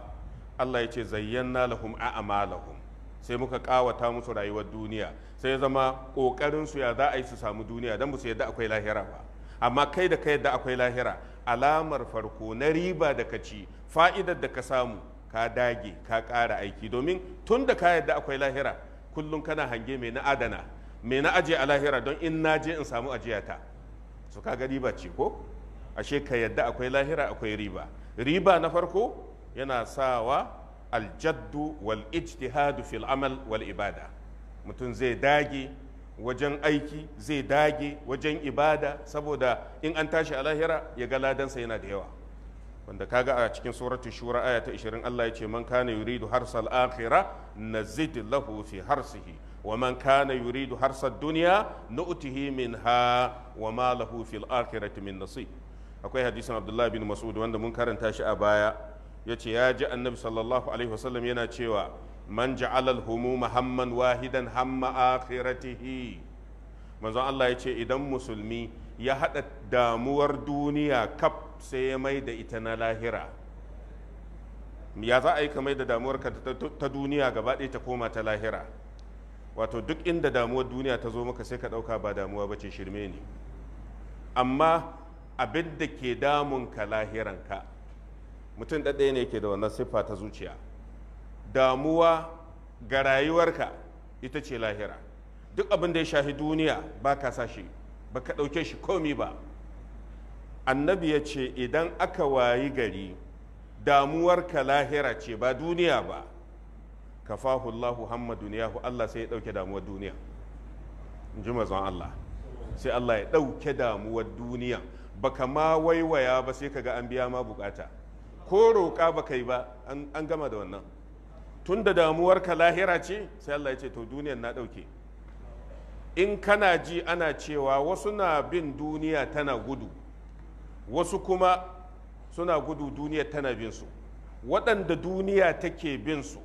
Allah ya ce zayyana lahum a'malahum sai muka kawata musu rayuwar duniya sai ya zama kokarin su ya za a yi su samu duniya don ba su yadda akwai lahira ba amma kai da ka yadda akwai lahira alamar farko na riba da ka ci fa'idar da ka samu ka dage ka ƙara aiki domin tun da ka yadda akwai lahira kullum kana hange mai na adana mai na ajiye a lahira don in na je in samu ajiyata su ka ga riba ce ko ashe ka yadda akwai lahira akwai riba riba na farko yana sawa aljaddu wal ijtihadu fil amal wal ibada mutum zai dage wajen aiki zai dage wajen ibada saboda in an tashi a lahira ya ga ladansa yana da yawa wanda kaga a cikin suratul shura aya ta 20 Allah ya ce man kana yuridu harsal akhirah nazid lahu fi harsihi ومن كان يريد حرث الدنيا نؤته منها وما له في الآخرة min نصيب akwai hadisin abdullahi bin mas'ud wanda mun karanta shi a baya ya ce ya ji annabi sallallahu alaihi wasallam yana cewa man ja'ala al-humuma wahidan hamma akhiratihi manzon Allah ya ce idan musulmi ya hada damuwar duniya kaf sai ya mai da ita na lahira ya za a yi ka mai da ka ta duniya gaba ɗaya ta koma ta lahira wato duk inda damuwar duniya ta zo maka sai ka ɗauka ba damuwa ba ce shirme ne amma abin da ke damun damunka lahiranka mutum ɗaɗe ne ke da wannan siffa ta zuciya damuwa ga rayuwarka ita ce lahira duk abin da ya shafi duniya ba ka sa shi ba ka ɗauke shi komi ba annabi ya ce idan aka wayi gari damuwar ka lahira ce ba duniya ba kafahu Allahu hamma duniyahu Allah sai ya ɗauke damuwar duniya in ji mazan Allah sai Allah ya ɗauke damuwar duniya baka ma waiwaya ba sai ka ga an biya ma bukata ko roƙa ba kai ba an gama da wannan tun da damuwarka lahira ce sai Allah ya ce to duniyar na ɗauke in kana ji ana cewa wasu na bin duniya tana gudu wasu kuma suna gudu duniya tana bin su waɗanda duniya take bin su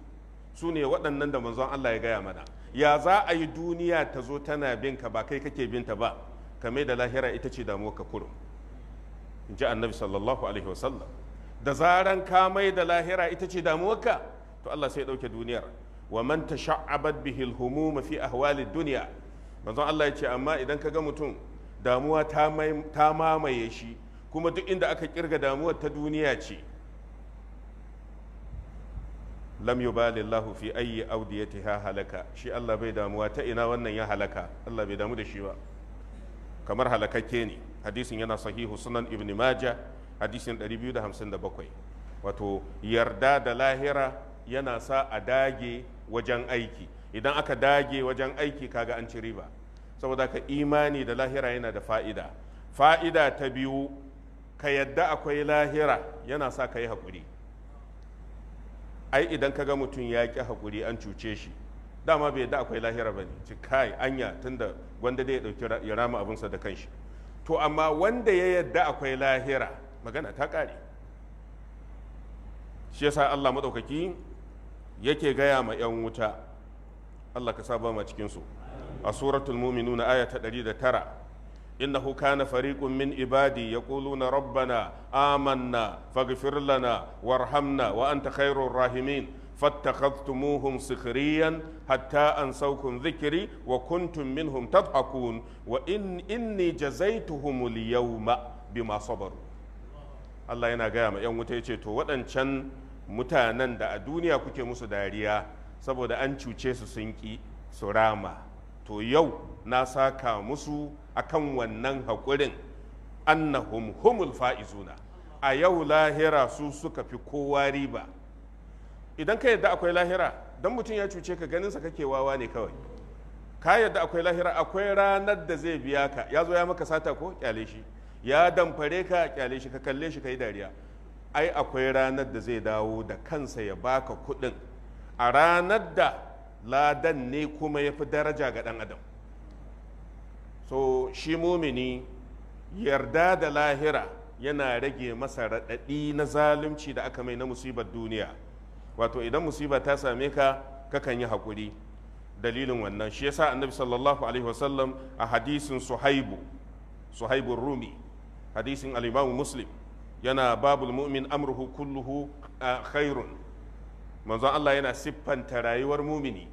su ne waɗannan da manzon Allah ya gaya mana ya za a yi duniya ta zo tana bin ka ba kai kake binta ba kame da lahira ita ce damuwa ka kurum in ji annabi sallallahu alaihi wasallam da zaran ka mai da lahira ita ce damuwarka to Allah sai ya dauke duniyar wa man tasha'abat bihi al-humum fi ahwali dunya manzon Allah ya ce amma idan ka ga mutum damuwa ta mamaye shi kuma duk inda aka kirga damuwar ta duniya ce lam yubali Allahu fi ayyi awdiyatiha halaka shi Allah bai damuwa ta ina wannan ya halaka Allah bai damu da shi ba kamar halakakke ne hadisin yana sahihu sunan ibn maja hadisin 257 wato yarda da lahira yana sa a dage wajen aiki idan aka dage wajen aiki kaga an ci riba saboda ka imani da lahira yana da fa'ida fa'ida ta biyu ka yadda akwai lahira yana sa ka yi haƙuri ai idan kaga mutum ya ki hakuri an cuce shi dama bai yadda akwai lahira ba ne ci kai anya tunda gwanda dai ya ɗauki ya rama abinsa da kanshi to amma wanda ya yadda akwai lahira magana ta ƙare shi yasa Allah maɗaukaki yake gaya ma 'yan wuta Allah ka saba ma cikinsu a suratul na aya ta 109 إنه min ibadi ya عبادي يقولون ربنا آمنا فاغفر لنا وارحمنا وأنت خير rahimin. fattakhadhtumuhum sikhriyan hatta ansawkum zikiri wa kuntum minhum tadhakun wa in inni jazaituhum al-yawma bima sabaru Allah yana gaya ma yan wuta yace to waɗancan mutanen da a duniya kuke musu dariya saboda an cuce su sun ki su rama to yau na saka musu akan wannan haƙurin annahum humul fa'izuna a yau lahira su suka fi kowa riba idan ka yadda akwai lahira don mutum ya cuce ka ganinsa kake wawa ne kawai ka yadda akwai lahira akwai ranar da zai biya ka ya zo ya maka sata ko kyale shi ya damfare ka kyale shi ka kalle shi ka yi dariya ai akwai ranar da zai dawo da kansa ya baka kuɗin a ranar da ladan ne kuma ya fi daraja ga ɗan adam so shi mumini yarda da lahira yana rage masa raɗaɗi na zalunci da aka mai na musibar duniya wato idan musiba ta same ka kakan yi haƙuri dalilin wannan shi yasa annabi sallallahu alaihi wasallam a hadisin suhaibu suhaibun rumi hadisin alimamu muslim yana babul mu'min amruhu kulluhu khairun manzon Allah yana siffanta rayuwar mumini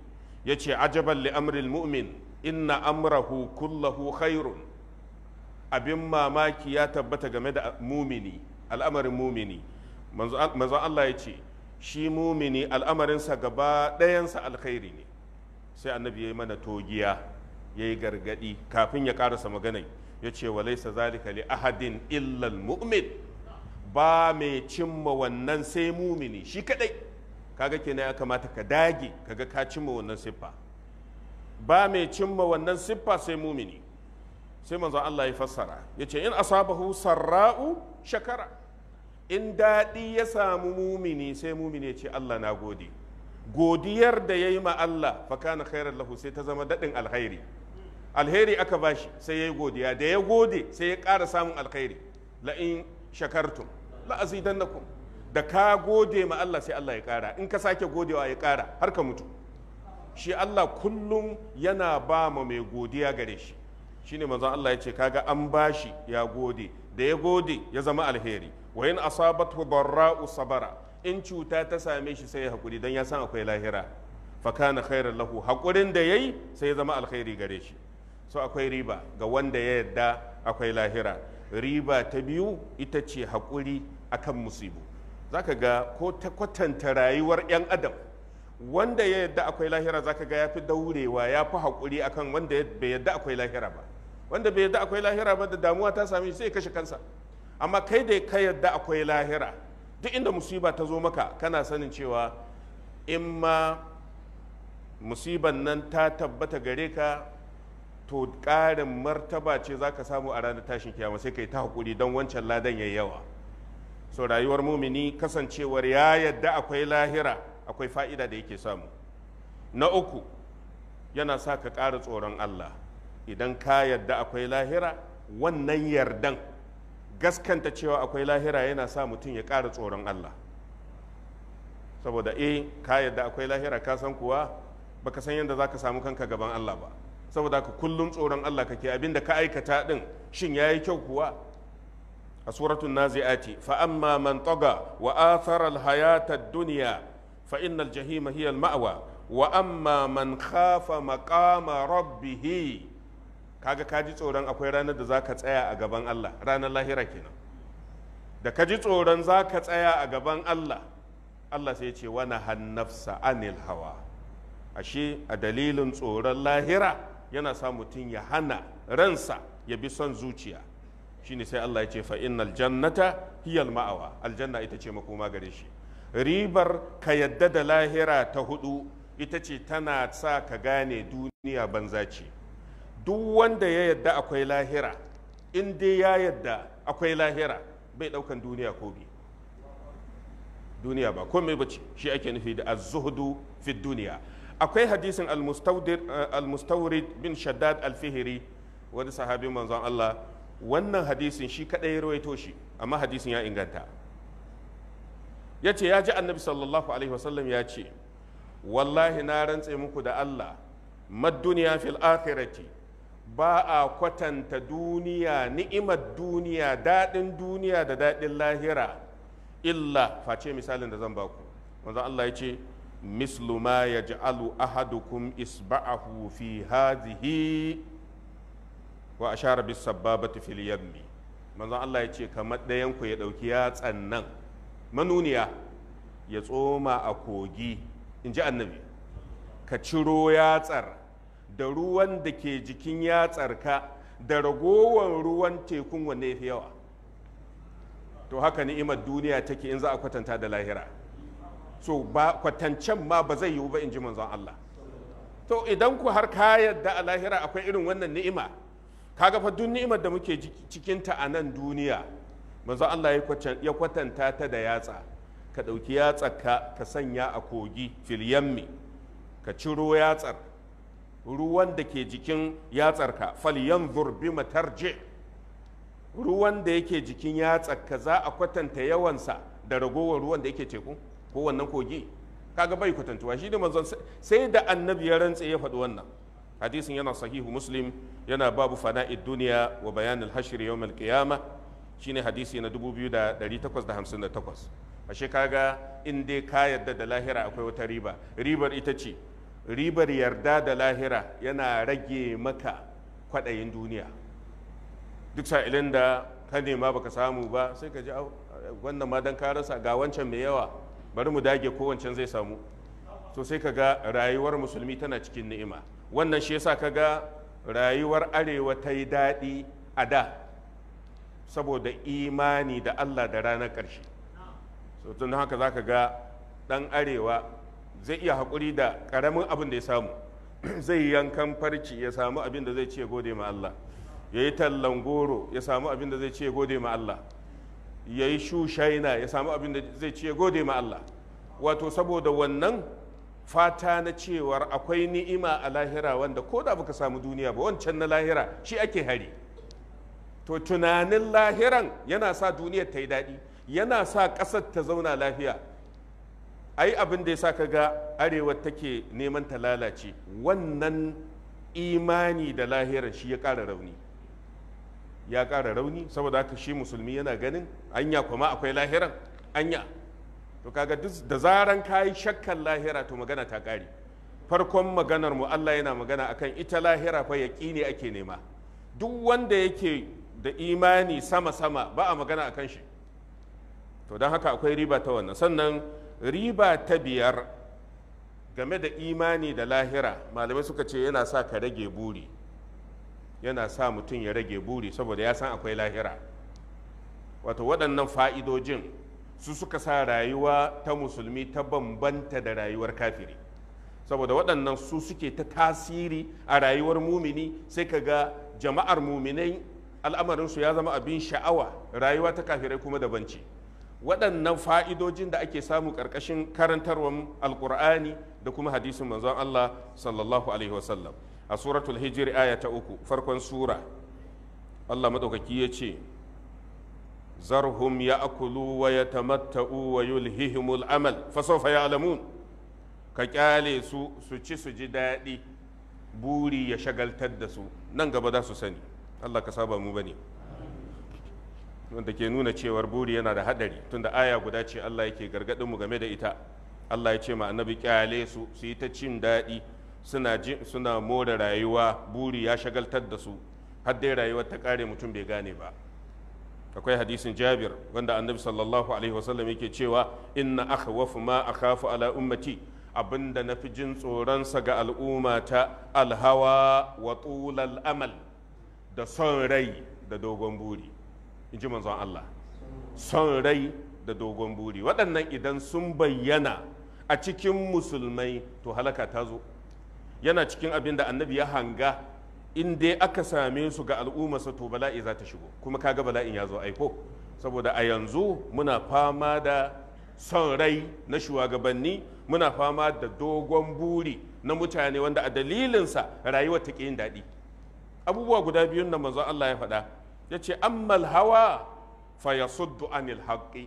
yace ajaban li amril mu'min inna amrahu kulluhu khairun abin mamaki ya tabbata game da mumini al'amarin mumini manzon Allah yace shi mumini al'amarinsa gaba ɗayansa alkhairi ne sai annabi ya yi mana togiya ya yi gargaɗi kafin ya ƙarasa maganar ya ce wa laisa zalika li ahadin illal mu'min ba mai cimma wannan sai mumini shi kadai kaga kenan ya kamata ka dage kaga ka cimma wannan siffa ba mai cimma wannan siffa sai mumini sai manzo Allah ya fassara ya ce in asabahu sarra'u shakara in daɗi ya samu mumini sai mumini ce Allah na gode godiyar da ya yi ma Allah fakana khairar lahu sai ta zama daɗin alkhairi alheri aka bashi sai ya yi godiya da ya gode sai ya ƙara samun alkhairi la'in shakartum la'azidannakum da ka gode ma Allah sai Allah ya ƙara in ka sake godewa ya ƙara har ka mutu shi Allah kullum yana ba ma mai godiya gare shi shine manzon Allah ya ce kaga an bashi ya gode da ya gode ya zama alheri wa in asabathu darra'u sabara in cuta ta same shi sai ya hakuri dan ya san akwai lahira fa kana khairan lahu hakurin da yayi sai ya zama alkhairi gare shi so akwai riba ga wanda ya yadda akwai lahira riba ta biyu ita ce hakuri akan musibu zaka ga ko ta kwatanta rayuwar yan adam wanda ya yadda akwai lahira zaka ga yafi daurewa ya hakuri akan wanda bai yadda akwai lahira ba wanda bai yadda akwai lahira ba da damuwa ta same shi sai ya kashe kansa amma kai da ka yadda akwai lahira duk inda musiba ta zo maka kana sanin cewa in ma musiban nan ta tabbata gare ka to ƙarin martaba ce za ka samu a ranar tashin kiyama sai ka yi ta haƙuri don wancan ladan ya yawa so rayuwar mumini kasancewar ya yadda akwai lahira akwai fa'ida da yake samu na uku yana sa ka ƙara tsoron allah idan ka yadda akwai lahira wannan yardan gaskanta cewa akwai lahira yana sa mutum ya ƙara tsoron Allah saboda eh ka yadda akwai lahira ka san kuwa baka san yadda zaka samu kanka gaban Allah ba saboda ka kullum tsoron Allah kake abinda ka aikata din shin yayi kyau kuwa a suratul nazi'ati fa amma man taga wa athara al hayata dunya fa innal jahima hiya al ma'wa wa amma man khafa maqama kaga ka ji tsoron akwai ranar da za ka tsaya a gaban Allah ranar lahira kenan da ka ji tsoron za ka tsaya a gaban Allah Allah sai ce wani hannafsa anil hawa ashe a dalilin tsoron lahira yana sa mutum ya hana ransa ya bi son zuciya shine sai Allah ya ce fa'in Aljannata, jannata ma'awa aljanna ita ce makoma gare shi ribar ka yadda da lahira ta hudu ita ce tana sa ka gane duniya banza ce duk wanda ya yadda akwai lahira in dai ya yadda akwai lahira bai daukan duniya ko bi duniya ba komai ba ce shi ake nufi da az-zuhdu fi duniya akwai hadisin eh, al-mustawrid bin shaddad al-fihri wani sahabin manzon Allah wannan hadisin shi kadai ya rawaito shi amma hadisin ya inganta yace ya ji annabi sallallahu alaihi wasallam ya ce wallahi na rantse muku da Allah mad duniya fil akhirati ba a kwatanta duniya ni'imar duniya daɗin duniya da daɗin lahira illa face misalin da zan baku manzo Allah ya ce mislu ma alu ahadukum isba'ahu fi hadhihi wa ashara bis sababati fil yammi manzo Allah ya ce kamar ɗayan ku ya ɗauki yatsan nan manuniya ya tsoma a kogi in ji annabi ka ciro yatsar da ruwan da ke jikin yatsarka da ragowar ruwan tekun wanne fi yawa to haka ni'imar duniya take in za a kwatanta da lahira so ba kwatancen ma ba zai yiwu ba in ji manzon Allah to idan ku har ka yadda a lahira akwai irin wannan ni'ima kaga fa duk ni'imar da muke cikinta a nan duniya manzon Allah ya kwatanta ta da yatsa ka ɗauki yatsa ka ka sanya a kogi fil ka ciro yatsar ruwan da ke jikin yatsarka falyanzur zurbi matarje ruwan da yake jikin yatsarka za a kwatanta yawansa da ragowar ruwan da yake teku ko wannan kogi kaga bai kwatantuwa shi da manzon sai da annabi ya rantse ya faɗi wannan hadisin yana sahihu muslim yana babu fana'id duniya wa bayan al-hashr yawm al shine hadisi na 2858 ashe kaga in dai ka yadda da lahira akwai wata riba ribar ita ce ribar yarda da lahira yana rage maka kwaɗayin duniya duk sa'ilin da ka nema baka samu ba sai ka ji wannan ma don ka rasa ga wancan mai yawa bari mu dage ko zai samu to sai ka ga rayuwar musulmi tana cikin ni'ima wannan shi yasa ka ga rayuwar arewa ta yi daɗi a da saboda imani da allah da ranar ƙarshe so tun haka za ka ga ɗan arewa zai iya haƙuri da ƙaramin abin da ya samu [clears throat] zai yankan farci ya samu abin da zai ce gode ma Allah ya yi tallan goro ya samu abin da zai ce gode ma Allah ya yi shushaina ya samu abin da zai ce gode ma Allah wato saboda wannan fata na cewar akwai ni'ima a lahira wanda ko da baka samu duniya ba wancan na lahira shi ake hari to tunanin lahiran yana sa duniyar ta yi daɗi yana sa ƙasar ta zauna lafiya ai abin da ya sa ka ga arewa take neman ta lalace wannan imani da lahirar shi ya ƙara rauni ya ƙara rauni saboda haka shi musulmi yana ganin anya kuma akwai lahiran anya to kaga duk da zaran ka yi shakkan lahira to magana ta ƙare farkon maganar mu Allah yana magana akan ita lahira fa ne ake nema duk wanda yake da imani sama sama ba a magana akan shi to don haka akwai riba ta wannan sannan riba ta biyar game da imani da lahira malamai suka ce yana sa ka rage buri yana sa mutum ya rage buri saboda ya san akwai lahira wato waɗannan fa'idojin su suka sa rayuwa ta musulmi ta bambanta da rayuwar kafiri saboda waɗannan su suke ta tasiri a rayuwar mumini sai ka ga jama'ar muminai al'amarinsu ya zama abin sha'awa rayuwa ta kafirai kuma da banci. waɗannan fa'idojin da ake samu ƙarƙashin karantarwar alƙur'ani da kuma hadisin manzon Allah sallallahu alaihi wasallam a suratul hijiri aya ta uku farkon sura Allah maɗaukaki ya ce zarhum ya akulu wa ya tamatta'u wa yulhihimul amal fasofa ya alamun ka kyale su su ci su ji daɗi buri ya shagaltar da su nan gaba za su sani Allah ka saba mu bane ne wanda ke nuna cewar buri yana da hadari tunda aya guda ce Allah yake gargaɗin mu game da ita Allah ya ce ma annabi kyale su su yi ta cin daɗi suna suna more rayuwa buri ya shagaltar da su har dai rayuwar ta kare mutum bai gane ba akwai hadisin jabir wanda annabi sallallahu alaihi wasallam yake cewa inna akhwafu ma akhafu ala ummati abinda na fi jin tsoronsa ga al'ummata alhawa wa tulal amal da son rai da dogon buri in ji manzon Allah son rai da dogon buri waɗannan idan sun bayyana a cikin musulmai to halaka ta zo yana cikin abin da annabi ya hanga in dai aka same su ga al'ummarsa to bala'i za ta shigo kuma kaga bala'in ya zo aiko saboda a yanzu muna fama da son rai na shugabanni muna fama da dogon buri na mutane wanda a dalilinsa rayuwar ta yin daɗi abubuwa guda biyun nan manzon Allah ya faɗa ya ce ammal hawa fa ya suddu anil haƙƙi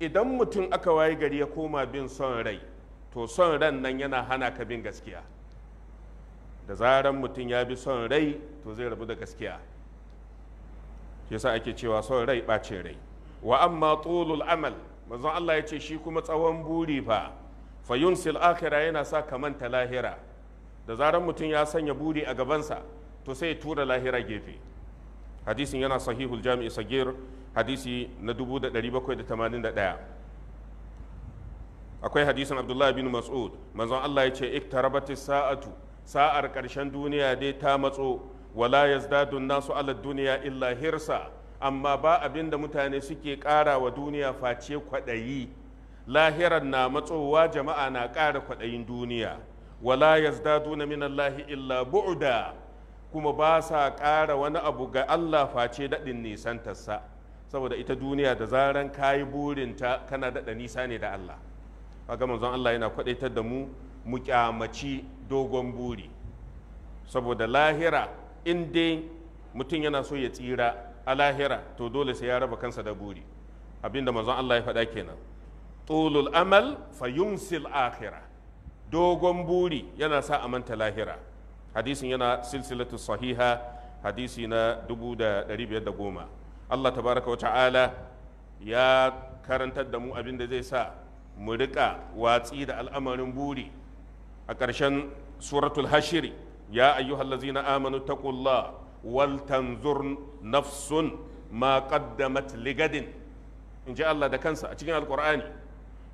idan mutum aka waye gari ya koma bin son rai to son ran nan yana hana ka bin gaskiya da zaran mutum ya bi son rai to zai rabu da gaskiya shi yasa ake cewa son rai ɓacin rai wa amma tulul amal manzon Allah ya ce shi kuma tsawon buri fa fa yunsil akhira yana sa kamanta lahira da zaran mutum ya sanya buri a gabansa to sai ya tura lahira gefe hadisin yana sahihul jami'i sagir hadisi na 1781 akwai hadisin abdullahi bin mas'ud manzon Allah ya ce iktarabatis sa'atu sa'ar ƙarshen duniya dai ta matso wala yazdadu nasu ala duniya illa hirsa amma ba abin da mutane suke ƙara wa duniya face kwaɗayi lahirar na matsowa jama'a na ƙara kwaɗayin duniya wala yazdadu na minallahi illa bu'da kuma ba sa ƙara wani abu ga Allah face daɗin nisantarsa saboda ita duniya da zaran ka yi burinta kana daɗa nisa ne da Allah ga manzon Allah yana kwaɗaitar da mu mu kyamaci dogon buri saboda lahira in dai mutum yana so ya tsira a lahira to dole sai ya raba kansa da buri abinda manzon Allah ya faɗa kenan tulul amal fa yumsil akhirah dogon buri yana sa a manta lahira hadisin yana silsilatu sahiha hadisi na goma. Allah tabaraka wa ta'ala ya karantar da mu abin da zai sa mu riƙa watsi da al'amarin buri a ƙarshen suratul hashiri ya ayyuhallazina amanu taqullah wal tanzur nafsun ma qaddamat ligadin in ji Allah da kansa a cikin alkur'ani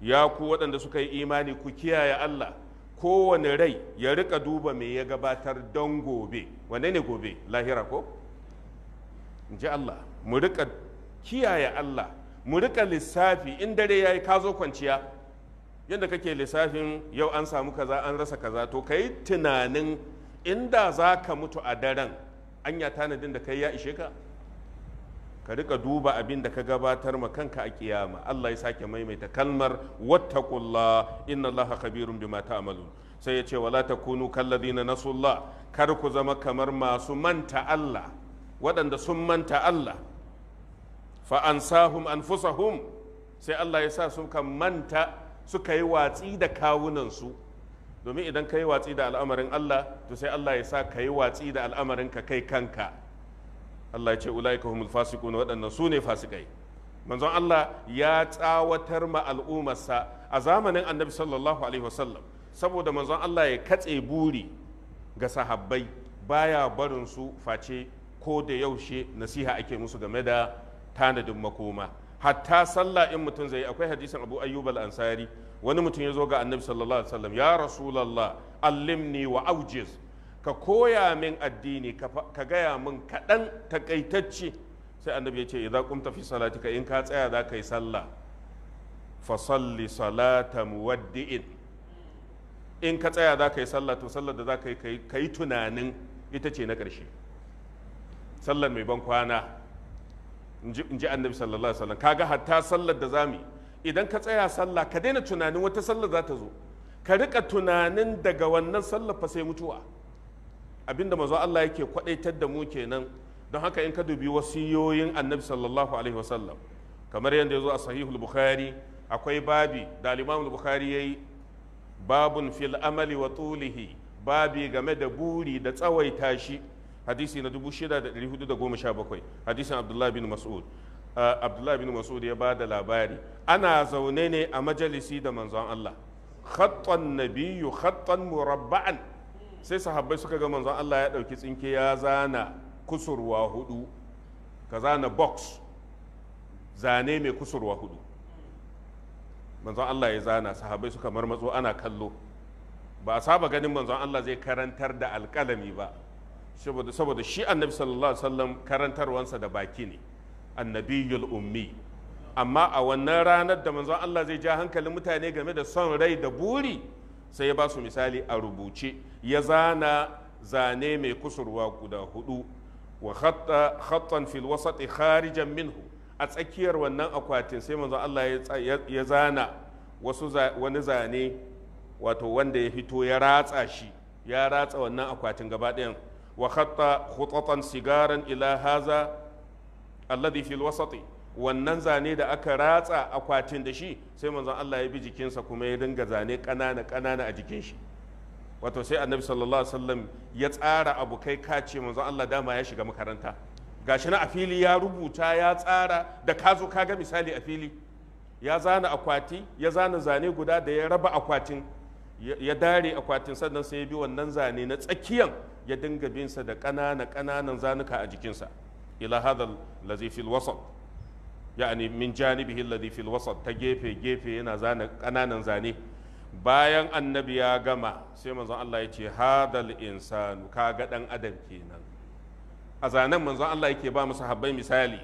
ya ku waɗanda suka yi imani ku kiyaye Allah kowane rai ya rika duba me ya gabatar don gobe wanne ne gobe lahira ko ji Allah mu rika kiyaye Allah mu rika lissafi in dare yayi ka zo kwanciya yadda kake lissafin yau an samu kaza an rasa kaza to kai tunanin inda za ka mutu a daren anya tanadin da kai ya ishe ka ka rika duba abin da ka gabatar ma kanka a kiyama Allah ya sake maimaita kalmar wattaqullah inna allaha khabirun bima ta'malun sai ya ce wala takunu kalladina nasullah kar ku zama kamar masu manta Allah waɗanda sun manta Allah fa ansahum anfusahum sai Allah ya sa sun kan manta suka yi watsi da kawunansu domin idan ka yi watsi da al'amarin Allah to sai Allah ya sa ka yi watsi da al'amarin ka kai kanka Allah ya ce ulaika humul fasiqun waɗannan su ne fasikai manzon Allah ya tsawatar ma al'ummarsa a zamanin annabi sallallahu alaihi wasallam saboda manzon Allah ya katse buri ga sahabbai baya barin su face ko da yaushe nasiha ake musu game da tanadin makoma hatta sallah in mutum zai akwai hadisin abu ayyub al-ansari wani mutum ya zo ga annabi sallallahu alaihi wasallam ya rasulullah allimni wa aujiz ka koya min addini ka gaya min kaɗan takaitacce sai annabi ya ce idan kumta fi salatika in ka tsaya za ka yi sallah salli salata muwaddi'in in ka tsaya za ka yi sallah to sallar da za ka yi ka yi tunanin ita ce na ƙarshe sallar mai ban kwana in ji annabi sallallahu alaihi wasallam kaga hatta sallar da za mu idan ka tsaya sallah ka daina tunanin wata sallar za ta zo ka riƙa tunanin daga wannan sallar fa sai mutuwa abinda manzo Allah yake kwadaitar da mu kenan don haka in ka dubi wasiyoyin annabi sallallahu alaihi wasallam kamar yadda ya zo a sahihul bukhari akwai babi da al bukhari yayi babun fil amali wa tulihi babi game da buri da tsawaita shi hadisi na 6417 hadisin abdullahi bin mas'ud abdullahi bin mas'ud ya ba da labari ana zaune ne a majalisi da manzon Allah khattan nabiyyu khattan murabba'an sai sahabbai suka ga manzon Allah ya ɗauki tsinke ya zana kusurwa hudu ka zana box zane mai kusurwa hudu manzon Allah ya zana sahabbai suka marmatso ana kallo ba a saba ganin manzon Allah zai karantar da alƙalami ba saboda shi annabi sallallahu alaihi wasallam karantarwansa da baki ne annabiyul ummi amma a wannan ranar da manzon Allah zai ja hankalin mutane game da son rai da buri sai ya ba su misali a rubuce ya zana zane mai kusurwa guda hudu wa khattan fil wasati kharijan minhu a tsakiyar wannan akwatin sai manzo Allah ya zana wasu wani zane wato wanda ya fito ya ratsa shi ya ratsa wannan akwatin gaba ɗayan wa khatta khutatan sigaran ila haza alladhi fil wasati wannan zane da aka ratsa akwatin da shi sai manzon Allah ya bi jikinsa kuma ya dinga zane ƙanana ƙanana a jikin shi wato sai annabi sallallahu alaihi wasallam ya tsara abu kai kace manzon Allah dama ya shiga makaranta gashi na a fili ya rubuta ya tsara da ka zo ka ga misali a fili ya zana akwati ya zana zane guda da ya raba akwatin ya dare akwatin sannan sai ya bi wannan zane na tsakiyan ya dinga binsa da ƙanana ƙananan zanuka a jikinsa ila hadha lazi fil wasat yani min janibihi alladhi fil wasat ta gefe gefe yana zana kananan zane bayan annabi ya gama sai manzon Allah ya ce hadal insanu kaga dan adam kenan a zanen manzon Allah yake ba musu habbai misali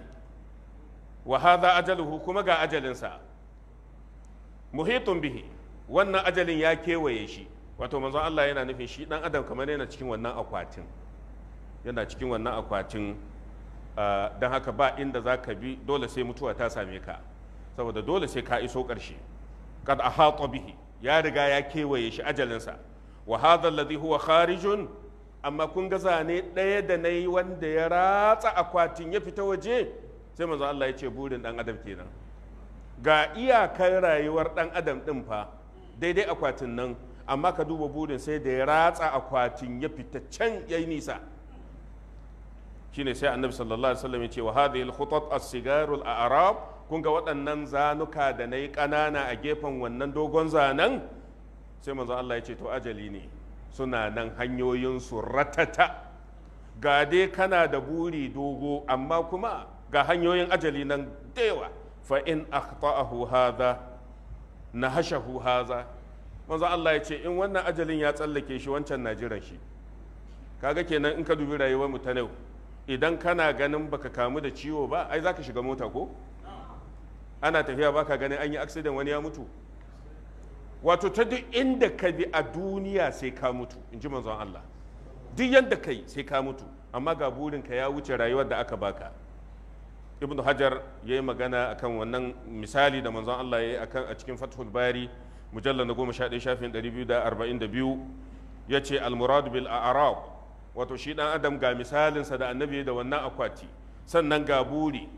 wa hadha ajaluhu kuma ga ajalinsa muhitun bihi wannan ajalin ya kewaye shi wato manzon Allah yana nufin shi dan adam kamar yana cikin wannan akwatin yana cikin wannan akwatin Eh, don haka ba inda za ka bi dole sai mutuwa ta same ka saboda dole sai ka iso ƙarshe kad ahata bihi ya riga ya kewaye shi ajalinsa wa hadha alladhi huwa kharijun amma kun ga zane ɗaya da na yi wanda ya ratsa akwatin ya fita waje sai manzo Allah ya ce burin dan adam kenan ga iyakar rayuwar ɗan adam ɗin fa daidai akwatin nan amma ka duba burin sai da ya ratsa akwatin ya fita can yayi nisa shine sai annabi sallallahu alaihi wasallam ya ce wa hadhihi al-khutat as-sigar al-a'rab kun ga waɗannan zanuka da nayi ƙanana a gefen wannan dogon zanen sai manzo Allah ya ce to ajali ne suna nan hanyoyin su ratata ga dai kana da buri dogo amma kuma ga hanyoyin ajali nan da yawa fa in akhta'ahu hadha nahashahu hadha manzo Allah ya ce in wannan ajalin ya tsallake shi wancan na jiran shi kaga kenan in ka dubi rayuwar mu ta yau idan kana ganin baka kamu da ciwo ba ai za ka shiga mota ko ana tafiya baka ganin an yi accident wani ya mutu wato ta duk inda ka bi a duniya sai ka mutu in ji manzon Allah duk yadda kai sai ka mutu amma ga burinka ya wuce rayuwar da aka baka ibnu hajar ya yi magana akan wannan misali da manzon Allah ya yi a cikin fathul bari mujallar na goma sha ɗaya shafin ɗari biyu da arba'in ya ce almuradu bil a'rab wato shi dan adam ga misalinsa da annabi da wannan akwati sannan ga buri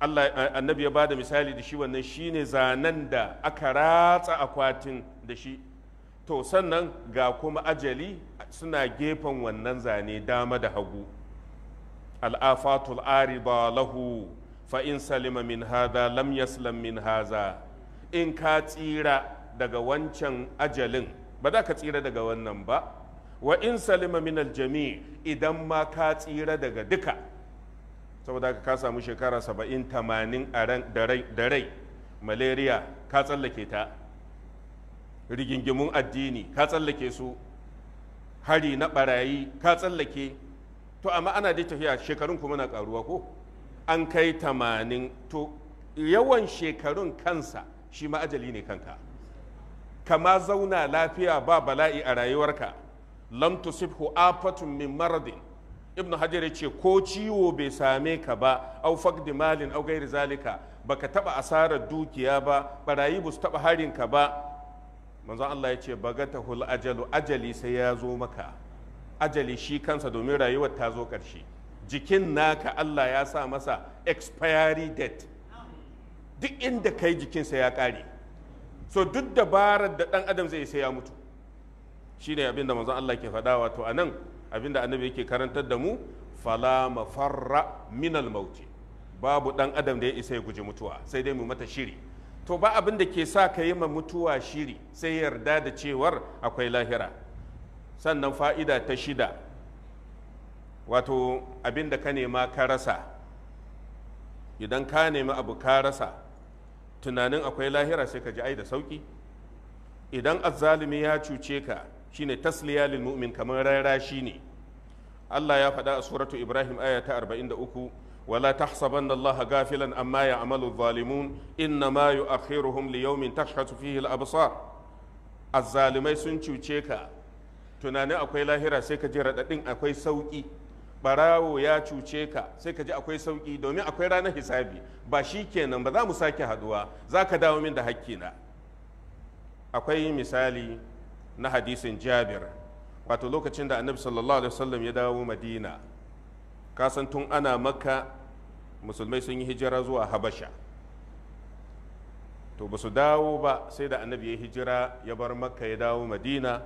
Allah eh, annabi ya bada misali da shi wannan shine zanen da aka ratsa akwatin da shi to sannan ga kuma ajali suna gefen wannan zane dama da hagu al'afatul arida lahu fa in salima min hadha lam yaslam min hadha in ka tsira daga wancan ajalin ba za ka tsira daga wannan ba wa in salima min aljami idan ma ka tsira daga duka saboda ka samu shekara saba'in tamanin da rai malaria ka tsallake ta rigingimun addini ka tsallake su hari na barayi ka tsallake to amma ana dai tafiya shekarun kuma na karuwa ko an kai tamanin to yawan shekarun kansa shi ma ajali ne kanka kama zauna lafiya ba bala'i a rayuwarka lam tusibhu afatun min maradin ibnu hajar ya ce ko ciwo bai same ka ba au faqdi malin au gairi zalika baka taba asarar dukiya ba barayi bus taba harin ka ba manzo Allah ya ce bagatahul ajalu ajali sai ya zo maka ajali shi kansa domin rayuwar ta zo karshe jikin naka Allah ya sa masa expiry date duk inda kai jikinsa ya kare so duk dabarar da dan adam zai sai ya mutu shine abinda manzon Allah ke faɗa wato a anan abinda annabi yake karantar da mu fala mafarra minal mauti babu ɗan adam da ya isa ya guji mutuwa sai dai mu mata shiri to ba abin da ke sa ka yi ma mutuwa shiri sai yarda da cewar akwai lahira sannan fa'ida ta shida wato abin da ka nema ka rasa idan ka nemi abu ka rasa tunanin akwai lahira sai ka ji ai da sauki idan azzalumi ya cuce ka shine tasliya lil mu'min kamar rara ne. Allah ya faɗa a suratu Ibrahim aya ta 43 wala tahsabanna Allah gafilan amma ya'malu zalimun inna ma yu'akhiruhum li yawmin tashkhatu fihi al-absar azzalimai sun cuce ka tunanin akwai lahira sai ka ji radadin akwai sauki barawo ya cuce ka sai ka ji akwai sauki domin akwai ranar hisabi ba shi kenan ba za mu sake haduwa za ka dawo min da hakkina akwai misali na hadisin jabir wato lokacin da annabi sallallahu alaihi wasallam ya dawo madina kasan tun ana makka musulmai sun yi hijira zuwa habasha to ba su dawo ba sai da annabi ya hijira ya bar makka ya dawo madina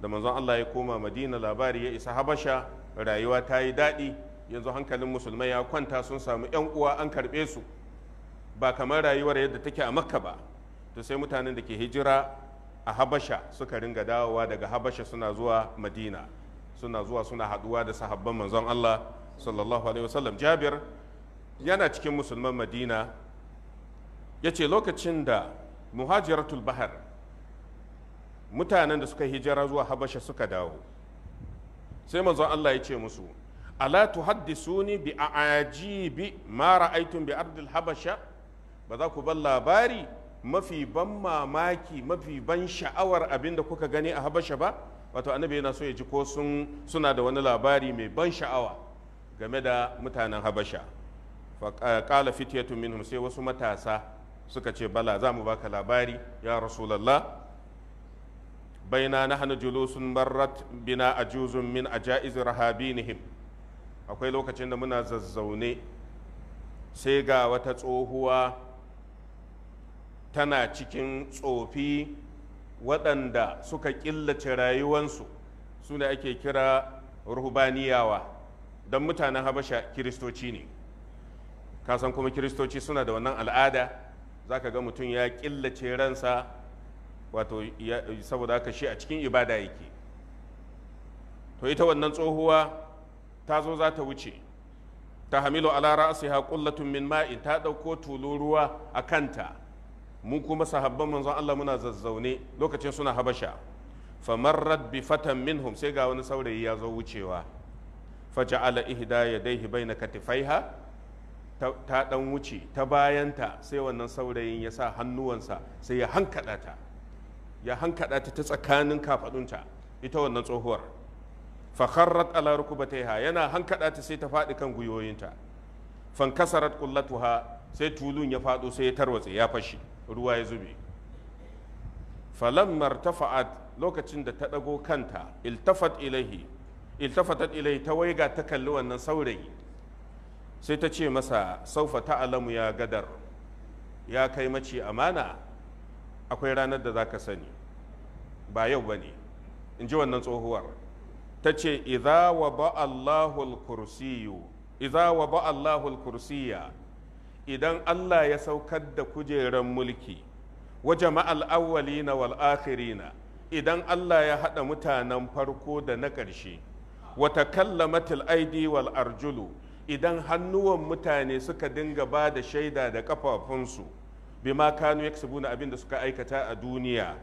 da manzon allah ya koma madina labari ya isa habasha rayuwa ta yi daɗi yanzu hankalin musulmai ya kwanta sun samu 'yan uwa an karɓe su ba kamar rayuwar yadda take a makka ba to sai mutanen da ke hijira a habasha suka ringa dawowa daga habasha suna zuwa madina suna zuwa suna haduwa da sahabban manzon allah sallallahu alaihi wasallam jabir yana cikin musulman madina ya ce lokacin da muhajiratul bahar mutanen da suka hijira zuwa habasha suka dawo sai manzon allah ya ce musu ala tuhaddisuni bi ajibi mara aitun bi ardil habasha ba za ku bar labari mafi ban mamaki mafi ban sha'awar abin da kuka gani a habasha ba wato annabi yana so ya ji ko sun suna da wani labari mai ban sha'awa game da mutanen habasha Kala fitiyatu minhum sai wasu matasa suka ce bala za mu baka labari ya rasulallah baina nahnu julusun marrat bina ajuzun min ajaiz rahabinihim akwai lokacin da muna zazzaune sai ga wata tsohuwa tana cikin tsofi waɗanda suka killace rayuwansu su ne ake kira rubaniyawa don mutanen habasha kiristoci ne kasan kuma kiristoci suna da wannan al'ada za ka ga mutum ya killace ransa wato saboda haka shi a cikin ibada yake to ita wannan tsohuwa ta zo za ta wuce ta hamilu ala ra'asiha qullatun min ma'in ta ɗauko tulun ruwa a kanta mu kuma sahabban manzon Allah muna zazzaune lokacin suna habasha famarrat bi fatan minhum sai ga wani saurayi ya zo wucewa faja'ala ihda yadayhi baina katifaiha ta dan wuce ta bayanta sai wannan saurayin ya sa hannuwansa sai ya hankada ta ya hankada ta ta tsakanin kafadunta ita wannan tsohuwar fakharrat ala rukubataiha yana hankada ta sai ta faɗi kan gwiwoyinta fankasarat qullatuha sai tulun ya faɗo sai ya tarwatse ya fashi ruwa ya zube falammar fa'ad lokacin da ta ɗago kanta iltafat ilahi iltafatat ilahi ta waiga ta kalli wannan saurayi sai ta ce masa saufa ta'alamu ya gadar ya kai mace amana akwai ranar da za ka sani ba yau ba ne in ji wannan tsohuwar ta ce idza wa ba allahul kursiyu idza wa ba allahul kursiya idan Allah ya saukar da kujeran mulki wa jama'al awwalina wal akhirina idan Allah ya haɗa mutanen farko da na ƙarshe wa takallamatil aidi wal arjulu idan hannuwan mutane suka dinga ba da shaida da kafafunsu bima kanu yaksubuna abin da suka aikata a duniya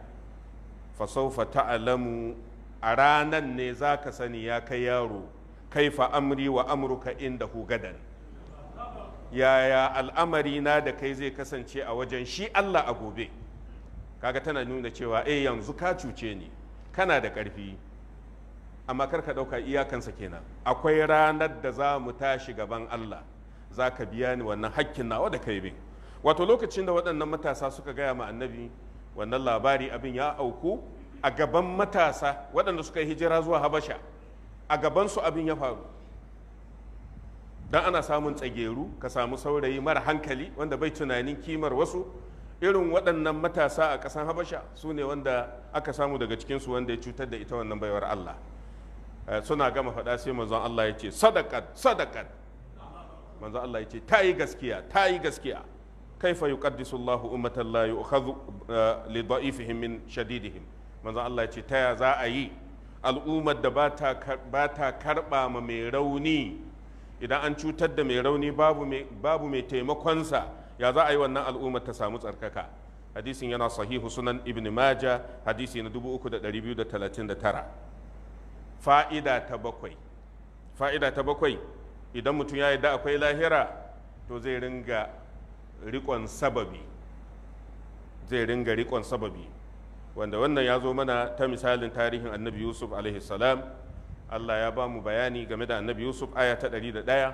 fa sawfa ta'lamu a ranan ne zaka sani ya kai yaro kaifa amri wa amruka indahu gadan yaya al'amari na da kai zai kasance a wajen shi Allah a gobe kaga tana nuna cewa eh yanzu ka cuce ni kana da ƙarfi amma kar ka ɗauka iyakansa kenan akwai ranar da za mu tashi gaban Allah za ka biya ni wannan hakkin nawa da kai bin wato lokacin da waɗannan matasa suka gaya ma annabi wannan labari abin ya auku a gaban matasa waɗanda suka yi hijira zuwa habasha a gabansu abin ya faru dan ana samun tsageru ka samu saurayi mara hankali wanda bai tunanin kimar wasu irin waɗannan matasa a ƙasan habasha su ne wanda aka samu daga cikinsu wanda ya cutar da ita wannan baiwar allah eh, suna gama faɗa sai manzon allah ya ce sadakat sadakat manzon allah ya ce ta yi gaskiya ta yi gaskiya kaifa yuqaddisu allah ummatan la yu'khadhu eh, min shadidihim manzon allah ya ce ta ya za a yi al'ummar da ba ta karɓa ma mai rauni idan an cutar da mai rauni babu mai taimakonsa ya za a yi wannan al'ummar ta samu tsarkaka hadisin yana sahihu sunan ibn maja hadisi na 3239 fa'ida ta bakwai fa'ida ta bakwai idan mutum ya yi da akwai lahira to zai ringa rikon sababi zai ringa rikon sababi wanda wannan ya zo mana ta misalin tarihin annabi yusuf alaihi salam Allah ya ba mu bayani game da annabi Yusuf aya ta ɗaya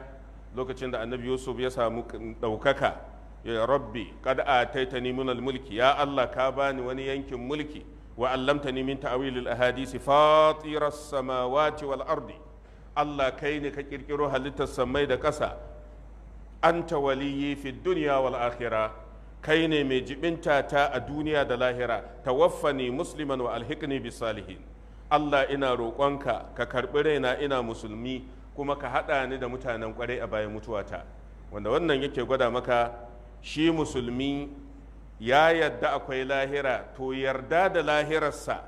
lokacin da annabi Yusuf ya samu ɗaukaka ya rabbi kad ta min mulki ya Allah ka bani wani yankin mulki wa allamtani min ta'wil al-ahadisi fatir samawati wal ardi Allah kai ne ka kirkiro halittar samai da ƙasa anta waliyyi fi dunya wal akhira kai ne mai jibinta ta a duniya da lahira tawaffani musliman wa alhiqni bis salihin Allah ina roƙonka ka karɓi raina ina musulmi kuma ka haɗa ni da mutanen ƙwarai a bayan mutuwata wanda wannan yake gwada maka shi musulmi ya yarda akwai lahira to yarda da lahirarsa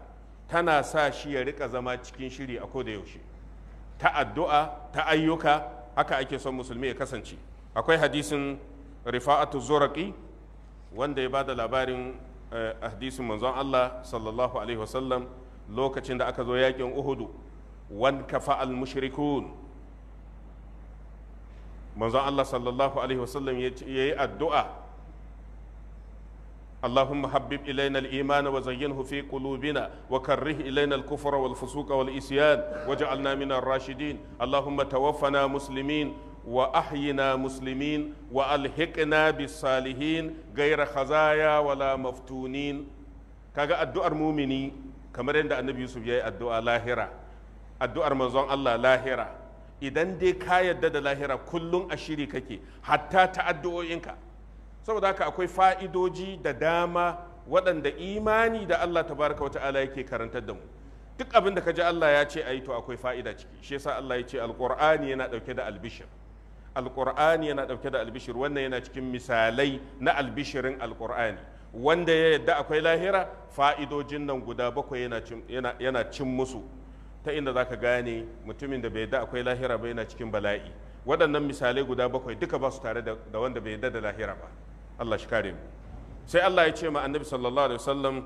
tana sa shi ya riƙa zama cikin shiri a da yaushe ta addu'a ta ayyuka haka ake son musulmi ya kasance akwai hadisin rifa'atu zuraki wanda ya ba da labarin eh, hadisin manzon Allah sallallahu alaihi wasallam lokacin da aka zo yakin uhudu wan kafa al mushrikun manzon Allah sallallahu alaihi wasallam ya yi addu'a Allahumma habbib ilayna iman wa zayyinhu qulubina wa karrih ilayna al-kufra wal fusuqa wal isyan waj'alna min rashidin Allahumma tawaffana muslimin wa ahyina muslimin wa alhiqna salihin Gaira khazaya wala maftunin kaga addu'ar mumini kamar yadda annabi yusuf ya yi addu'a lahira addu'ar manzon allah lahira idan dai ka yadda da lahira kullum a shiri kake hatta ta addu'o'inka saboda haka akwai fa'idoji da dama waɗanda imani da allah ta baraka wa ta'ala yake karantar da mu duk abin da ka ji allah ya ce a yi to akwai fa'ida ciki shi yasa allah ya ce alƙur'ani yana ɗauke da albishir alƙur'ani yana ɗauke da albishir wannan yana cikin misalai na albishirin alƙur'ani wanda ya yadda akwai lahira fa'idojin nan guda bakwai yana cin musu ta inda za ka gane mutumin da bai yadda akwai lahira ba yana cikin bala'i waɗannan misalai guda bakwai duka ba su tare da wanda bai yadda da lahira ba Allah shi kare mu sai Allah ya ce ma annabi sallallahu alaihi wasallam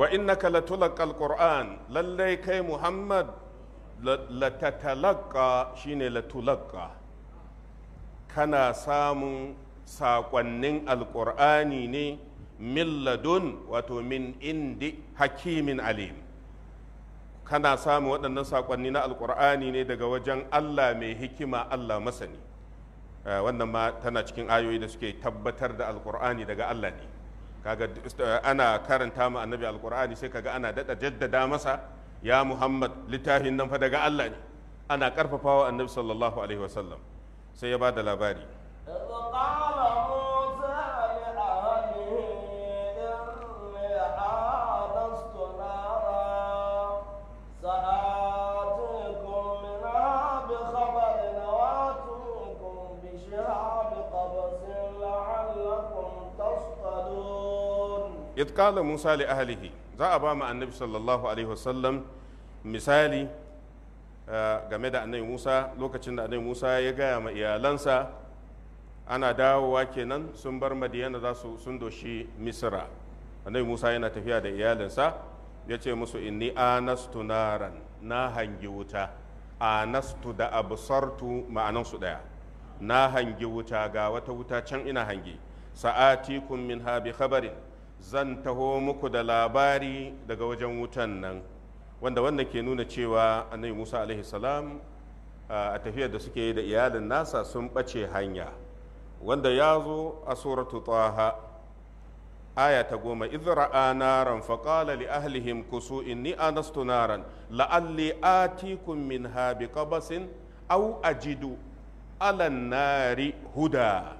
wa innaka latulaqal qur'an lallai kai muhammad latatalaqa shine latulaqqa kana samun saƙonnin alƙur'ani ne min ladun wato min indi hakimin alim kana samun waɗannan saƙonni na alƙur'ani ne daga wajen allah mai hikima allah masani eh, wannan ma tana cikin ayoyi da suke tabbatar da alƙur'ani daga allah ne kaga eh, ana karanta mu annabi alkur'ani sai kaga ana dada jaddada masa ya muhammad littafin nan fa daga allah ne ana karfafawa annabi sallallahu alaihi wasallam sai ya ba da labari idh qala musa li ahlihi za a ba mu annabi sallallahu misali game da annabi musa lokacin da annabi musa ya gaya ma iyalansa ana dawowa kenan sun bar madiyana za su sun doshi misra annabi musa yana tafiya da iyalinsa ya ce musu inni anastu naran na hangi wuta anastu da absartu ma'anansu daya na hangi wuta ga wata wuta can ina hangi sa'atikum min habi khabarin zan taho muku da labari daga wajen wutan nan wanda wannan ke nuna cewa annabi musa alaihi salam a tafiyar da suke yi da iyalin nasa sun ɓace hanya wanda ya zo a suratu taha aya ta goma izra'a naran faƙala li ahlihim kusu inni anastu naran la'alli atikum min ha aw ajidu alan nari huda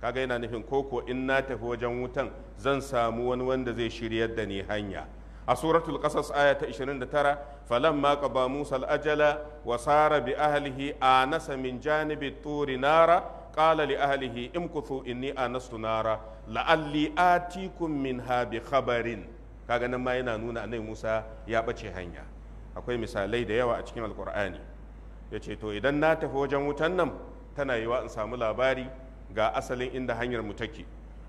kaga yana nufin koko in na tafi wajen wutan zan samu wani wanda zai shiryar da ni hanya a suratul qasas aya ta 29 falamma qaba musa al-ajala wa sara bi ahlihi anasa min janibi turi nara qala li ahlihi imkuthu inni anastu nara la'alli atikum minha bi khabarin kaga nan ma yana nuna annabi musa ya bace hanya akwai misalai da yawa a cikin alqur'ani yace to idan na tafi wajen wutan nan tana yiwa in samu labari ga asalin inda hanyar mu take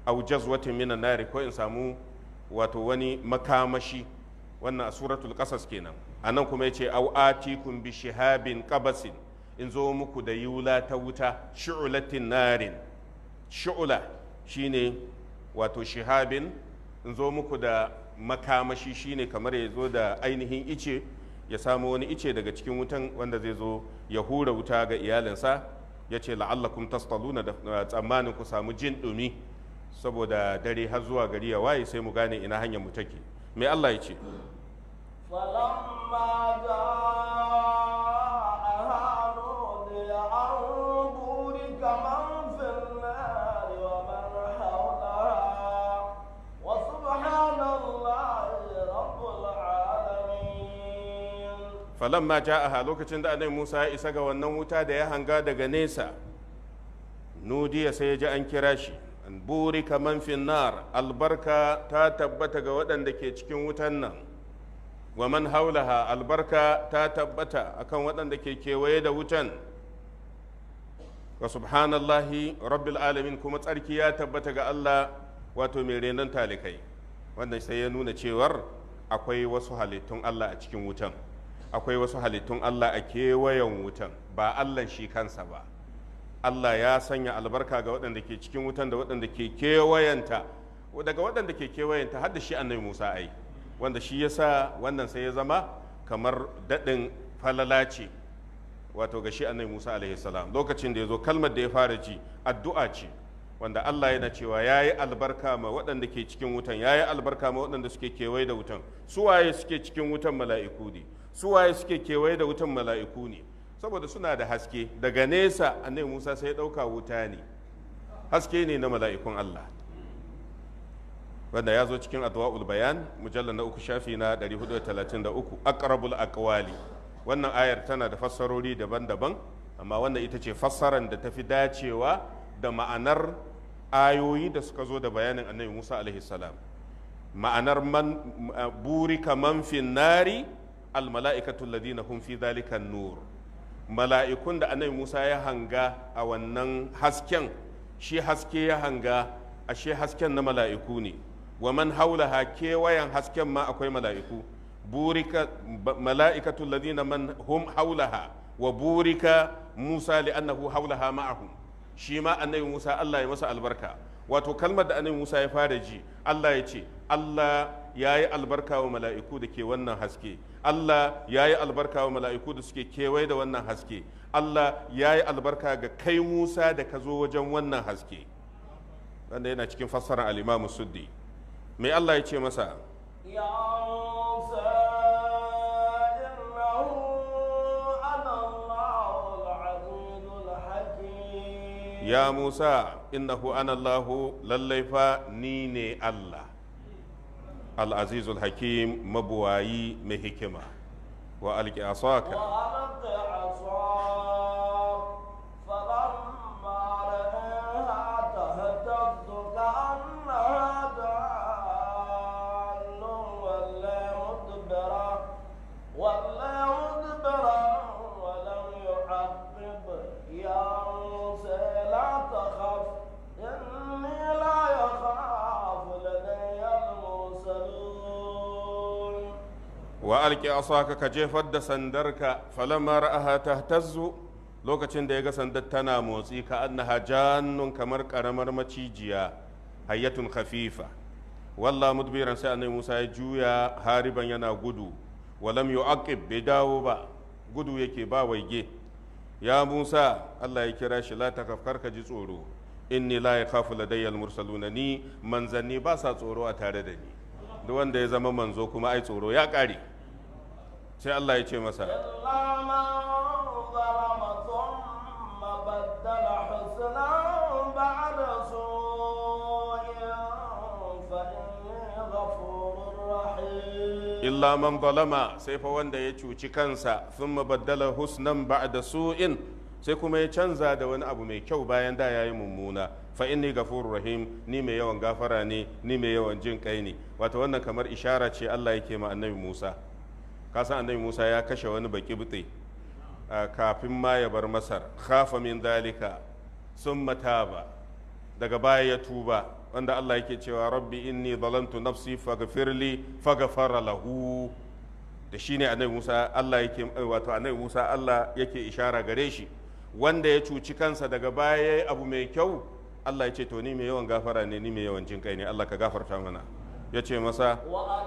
aw jazwatin minan nari ko in samu wato wani makamashi wannan a suratul kasas kenan anan kuma yace aw atikum bi shihabin kabasin in zo muku da yula ta wuta shu'latin narin shu'la shine wato shihabin in zo muku da makamashi shine kamar ya zo da ainihin ice ya samu wani ice daga cikin wutan wanda zai zo ya hura wuta ga iyalinsa ya ce la'allakum tastaluna da tsammanin ku samu jin dumi saboda dare har zuwa gari ya waye sai mu gane ina hanyar mu take me Allah ya ce falamma جاءها نودي da annabi Musa ya isa ga wannan wuta da ya hanga daga nesa nudiya sai ya ji an kira shi Buri man finnar albarka ta tabbata ga waɗanda ke cikin wutan nan wa man haulaha albarka ta tabbata akan waɗanda ke kewaye da wutan wa subhanallahi rabbil alamin kuma tsarki ya tabbata ga Allah wato mai renon talikai wanda sai ya nuna cewar akwai wasu halittun Allah a cikin wutan akwai wasu halittun Allah a kewayen wutan ba Allah shi kansa ba Allah ya sanya albarka ga waɗanda ke cikin wutan da waɗanda ke kewayenta daga waɗanda ke kewayenta har da shi annabi Musa ai wanda shi yasa wannan sai ya zama kamar daɗin falala ce wato ga shi annabi Musa alaihi salam lokacin da ya zo kalmar da ya fara ji addu'a ce wanda Allah yana cewa ya yi albarka ma waɗanda ke cikin wutan ya yi albarka ma waɗanda suke kewaye da wutan su waye suke cikin wutan mala'iku ne su waye suke kewaye da wutan mala'iku ne saboda suna da haske daga nesa annabi musa sai ya ɗauka wuta ne haske ne na mala'ikun allah wanda ya zo cikin adwa'ul bayan mujallar na uku shafi na 433 aqrabul aqwali wannan ayar tana da fassarori daban-daban amma wannan ita ce fassaran da ta fi dacewa da ma'anar ayoyi da suka zo da bayanin annabi Musa alaihi salam ma'anar man burika man fin nari al mala'ikatu hum fi dhalika nur mala'ikun da annabi musa ya hanga a wannan hasken shi haske ya hanga a shi hasken na mala'iku ne wa man haulaha kewayen hasken ma akwai mala'iku mala'ika mala'ikatul na man hum haulaha wa burika musa li'annahu haulaha ma'ahum shi ma annabi musa Allah ya masa albarka wato kalmar da annabi musa ya fara ji Allah ya ce Allah ya yi albarka wa mala'iku da ke wannan haske Allah ya yi albarka wa mala'iku da suke kewaye da wannan haske Allah ya yi albarka ga kai Musa da ka zo wajen wannan haske wanda yana cikin fassara alimamu suddi mai Allah ya ce masa ya Musa innahu anallahu lallai fa ni ne Allah al'azizul hakim mabuwayi mai hikima wa alƙi alƙi asaka ka jefar da sandarka falamma ra'aha tazzo lokacin da ya ga sandar tana motsi ka annaha jannun kamar karamar macijiya hayyatun khafifa walla mudbiran sai annabi Musa ya juya hariban yana gudu walam yu'aqib bai dawo ba gudu yake ba waige ya Musa Allah ya kira shi la kar ka ji tsoro inni la yakhafu ladayyal mursaluna ni manzanni ba sa tsoro a tare da ni duk wanda ya zama manzo kuma ai tsoro ya kare sai Allah ya ce masa illa man zalama sai fa wanda ya cuci kansa sun baddala husnan ba'da su'in sai kuma ya canza da wani abu mai kyau bayan da ya yi mummuna fa inni gafurur rahim ni mai yawan gafara ne ni mai yawan jin kai ne wato wannan kamar ishara ce Allah yake ma annabi Musa kasan annabi musa ya kashe wani baki butse kafin ma ya bar masar khafa min dalika sun mataba daga baya ya tuba wanda allah yake cewa rabbi inni zalamtu nafsi faghfirli faghfara lahu da shine annabi musa allah yake wato annabi musa allah yake ishara gare shi wanda ya cuci kansa daga baya yayi abu mai kyau allah ya ce to ni mai yawan gafara ne ni mai yawan jin kai ne allah ka gafarta mana ya ce masa wa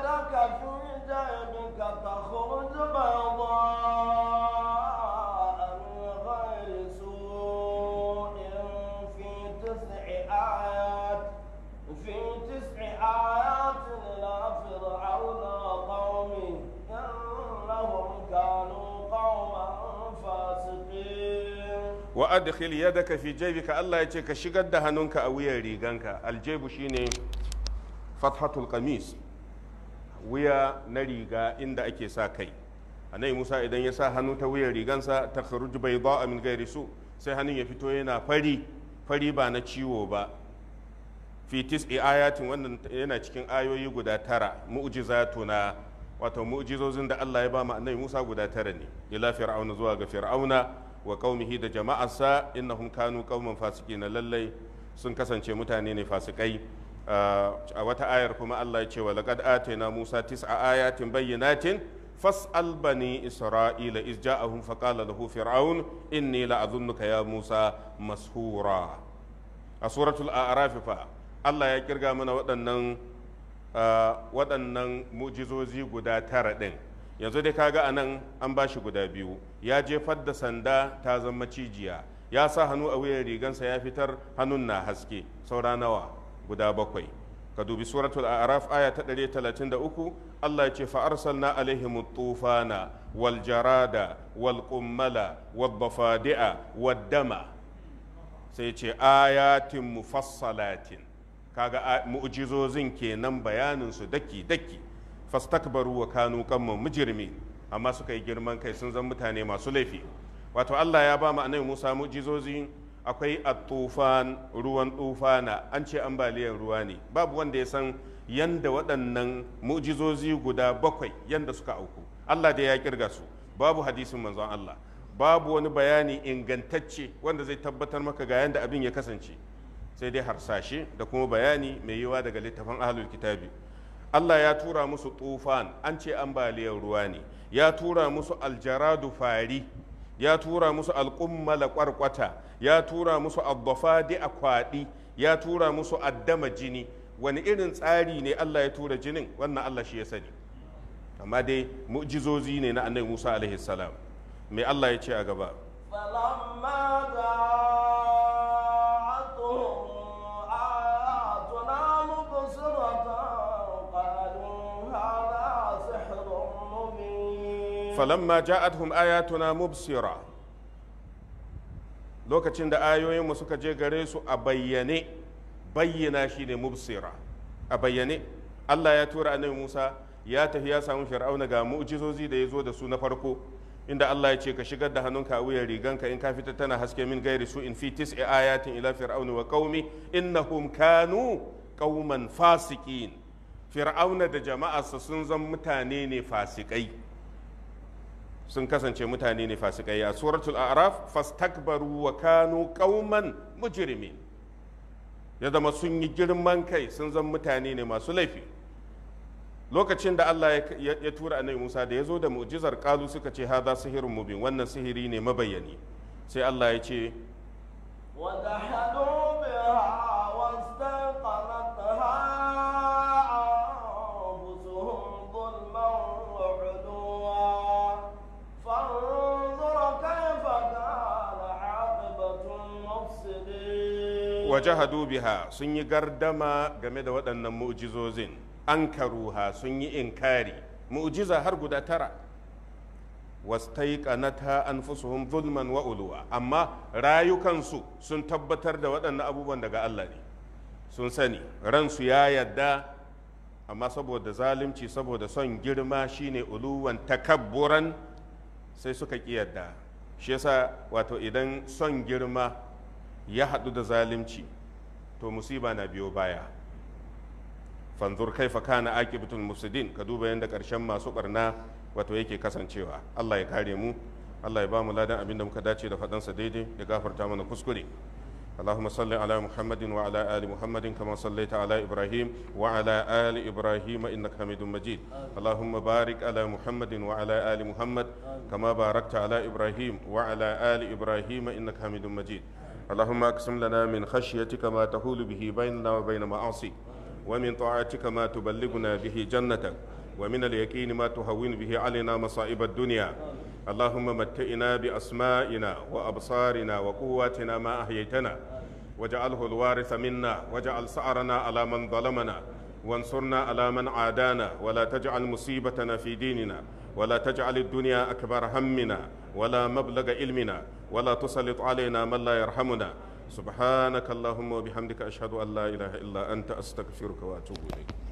ya جئتك تخرج بيضاء من غير سوء في تسع آيات في تسع آيات إلى فرعون وقومه إنهم كانوا قوما فاسقين وأدخل يدك في جيبك الله يجيك شقد هنونك أويا ريغانك الجيب شيني فتحة القميص wuya na riga inda ake sa kai annabi Musa idan ya sa hannu ta wuyan rigansa ta kharuj bayda min ghairi su sai hannun ya fito yana fari fari ba na ciwo ba fi tis'i ayatin wannan yana cikin ayoyi guda tara na wato mu'jizozin da Allah ya ba mu annabi Musa guda tara ne ila fir'auna zuwa ga fir'auna wa qaumihi da jama'arsa innahum kanu qauman fasiqina lallai sun kasance mutane ne fasikai a wata ayar kuma Allah ya ce wa laqad atayna Musa tis'a ayatin bayyinatin fas'al bani isra'ila iz ja'ahum qala lahu fir'aun inni la'azunnuka ya Musa mashura a suratul a'raf fa Allah ya kirga mana waɗannan waɗannan mujizozi guda tara ɗin yanzu dai kaga anan an bashi guda biyu ya jefar da sanda ta zama cijiya ya sa hannu a wuyan rigansa ya fitar hannun na haske saura nawa guda bakwai ka dubi suratul a'raf aya ta 133 Allah ya ce fa arsalna alaihim tufana wal jarada wal qummala wad dafadi'a wad dama sai ce ayatin mufassalatin kaga mu'jizozin kenan bayanin su daki daki fastakbaru wa kanu qamman mujrimin amma suka yi girman kai sun zan mutane masu laifi wato Allah ya ba mu annabi Musa mu'jizozi akwai a tufan ruwan tufana an ce ambaliyar ruwa ne babu wanda ya san yanda waɗannan mu'jizozi guda bakwai yanda suka auku Allah da ya kirga su babu hadisin manzon Allah babu wani bayani ingantacce wanda zai tabbatar maka ga yanda abin ya kasance sai dai harsashe da kuma bayani mai yiwa daga littafin ahlul kitabi Allah ya tura musu tufan an ce ambaliyar ruwa ne ya tura musu aljaradu fari ya tura musu alƙummala ƙwarƙwata ya tura musu addafadi a ya tura musu addama jini wani irin tsari ne Allah ya tura jinin wannan Allah shi ya sani amma dai mu'jizozi ne na annabi Musa alaihi salam me Allah ya ce a gaba فلما جاءتهم آياتنا مبصرة lokacin da ayoyinmu suka je gare su a bayyane bayyana shi ne mubsira a bayyane Allah ya tura annabi Musa ya tafi ya samu fir'auna ga mu'jizozi da ya zo da su na farko inda Allah ya ce ka shigar da hannunka a wuyan riganka in ka fita tana haske min gairi su in fitis a ayatin ila fir'auna wa qaumi innahum kanu qauman fasiqin fir'auna da jama'arsa sun zama mutane ne fasikai sun kasance mutane ne fasikai a suratul araf fastakbaru wa kanu qauman mujrimin ya zama sun yi girman kai sun zama mutane ne masu laifi lokacin da Allah ya tura annabi Musa da ya zo da mu'jizar kalu suka ce haza sihirun mubin wannan sihiri ne mabayani sai Allah ya ce wa Wajaha dubiha sun yi gardama game da waɗannan mu'jizozin ankaruha sun yi inkari mu'jiza har guda tara an anfusuhum zulman wa uluwa amma rayukansu sun tabbatar da waɗannan abubuwan daga Allah ne sun sani ransu ya yadda amma saboda zalunci saboda son girma shine uluwan takabburan sai suka ƙi yadda shi yasa wato idan son girma ya haɗu da zalimci to musiba na biyo baya fanzur kaifa kana aqibatul mufsidin ka duba yadda ƙarshen masu barna wato yake kasancewa Allah ya kare mu Allah ya ba mu ladan abin da muka dace da faɗansa daidai da gafarta mana kuskure اللهم صل على محمد وعلى آل محمد كما صليت على إبراهيم وعلى آل إبراهيم إنك حميد مجيد اللهم بارك على محمد وعلى آل محمد كما باركت على إبراهيم وعلى آل إبراهيم إنك حميد مجيد اللهم اقسم لنا من خشيتك ما تحول به بيننا وبين معاصيك ومن طاعتك ما تبلغنا به جنتك ومن اليقين ما تهون به علينا مصائب الدنيا اللهم متئنا بأسمائنا وأبصارنا وقواتنا ما أحييتنا واجعله الوارث منا واجعل سعرنا على من ظلمنا وانصرنا على من عادانا ولا تجعل مصيبتنا في ديننا ولا تجعل الدنيا أكبر همنا ولا مبلغ علمنا ولا تسلط علينا من لا يرحمنا سبحانك اللهم وبحمدك أشهد أن لا إله إلا أنت أستغفرك وأتوب إليك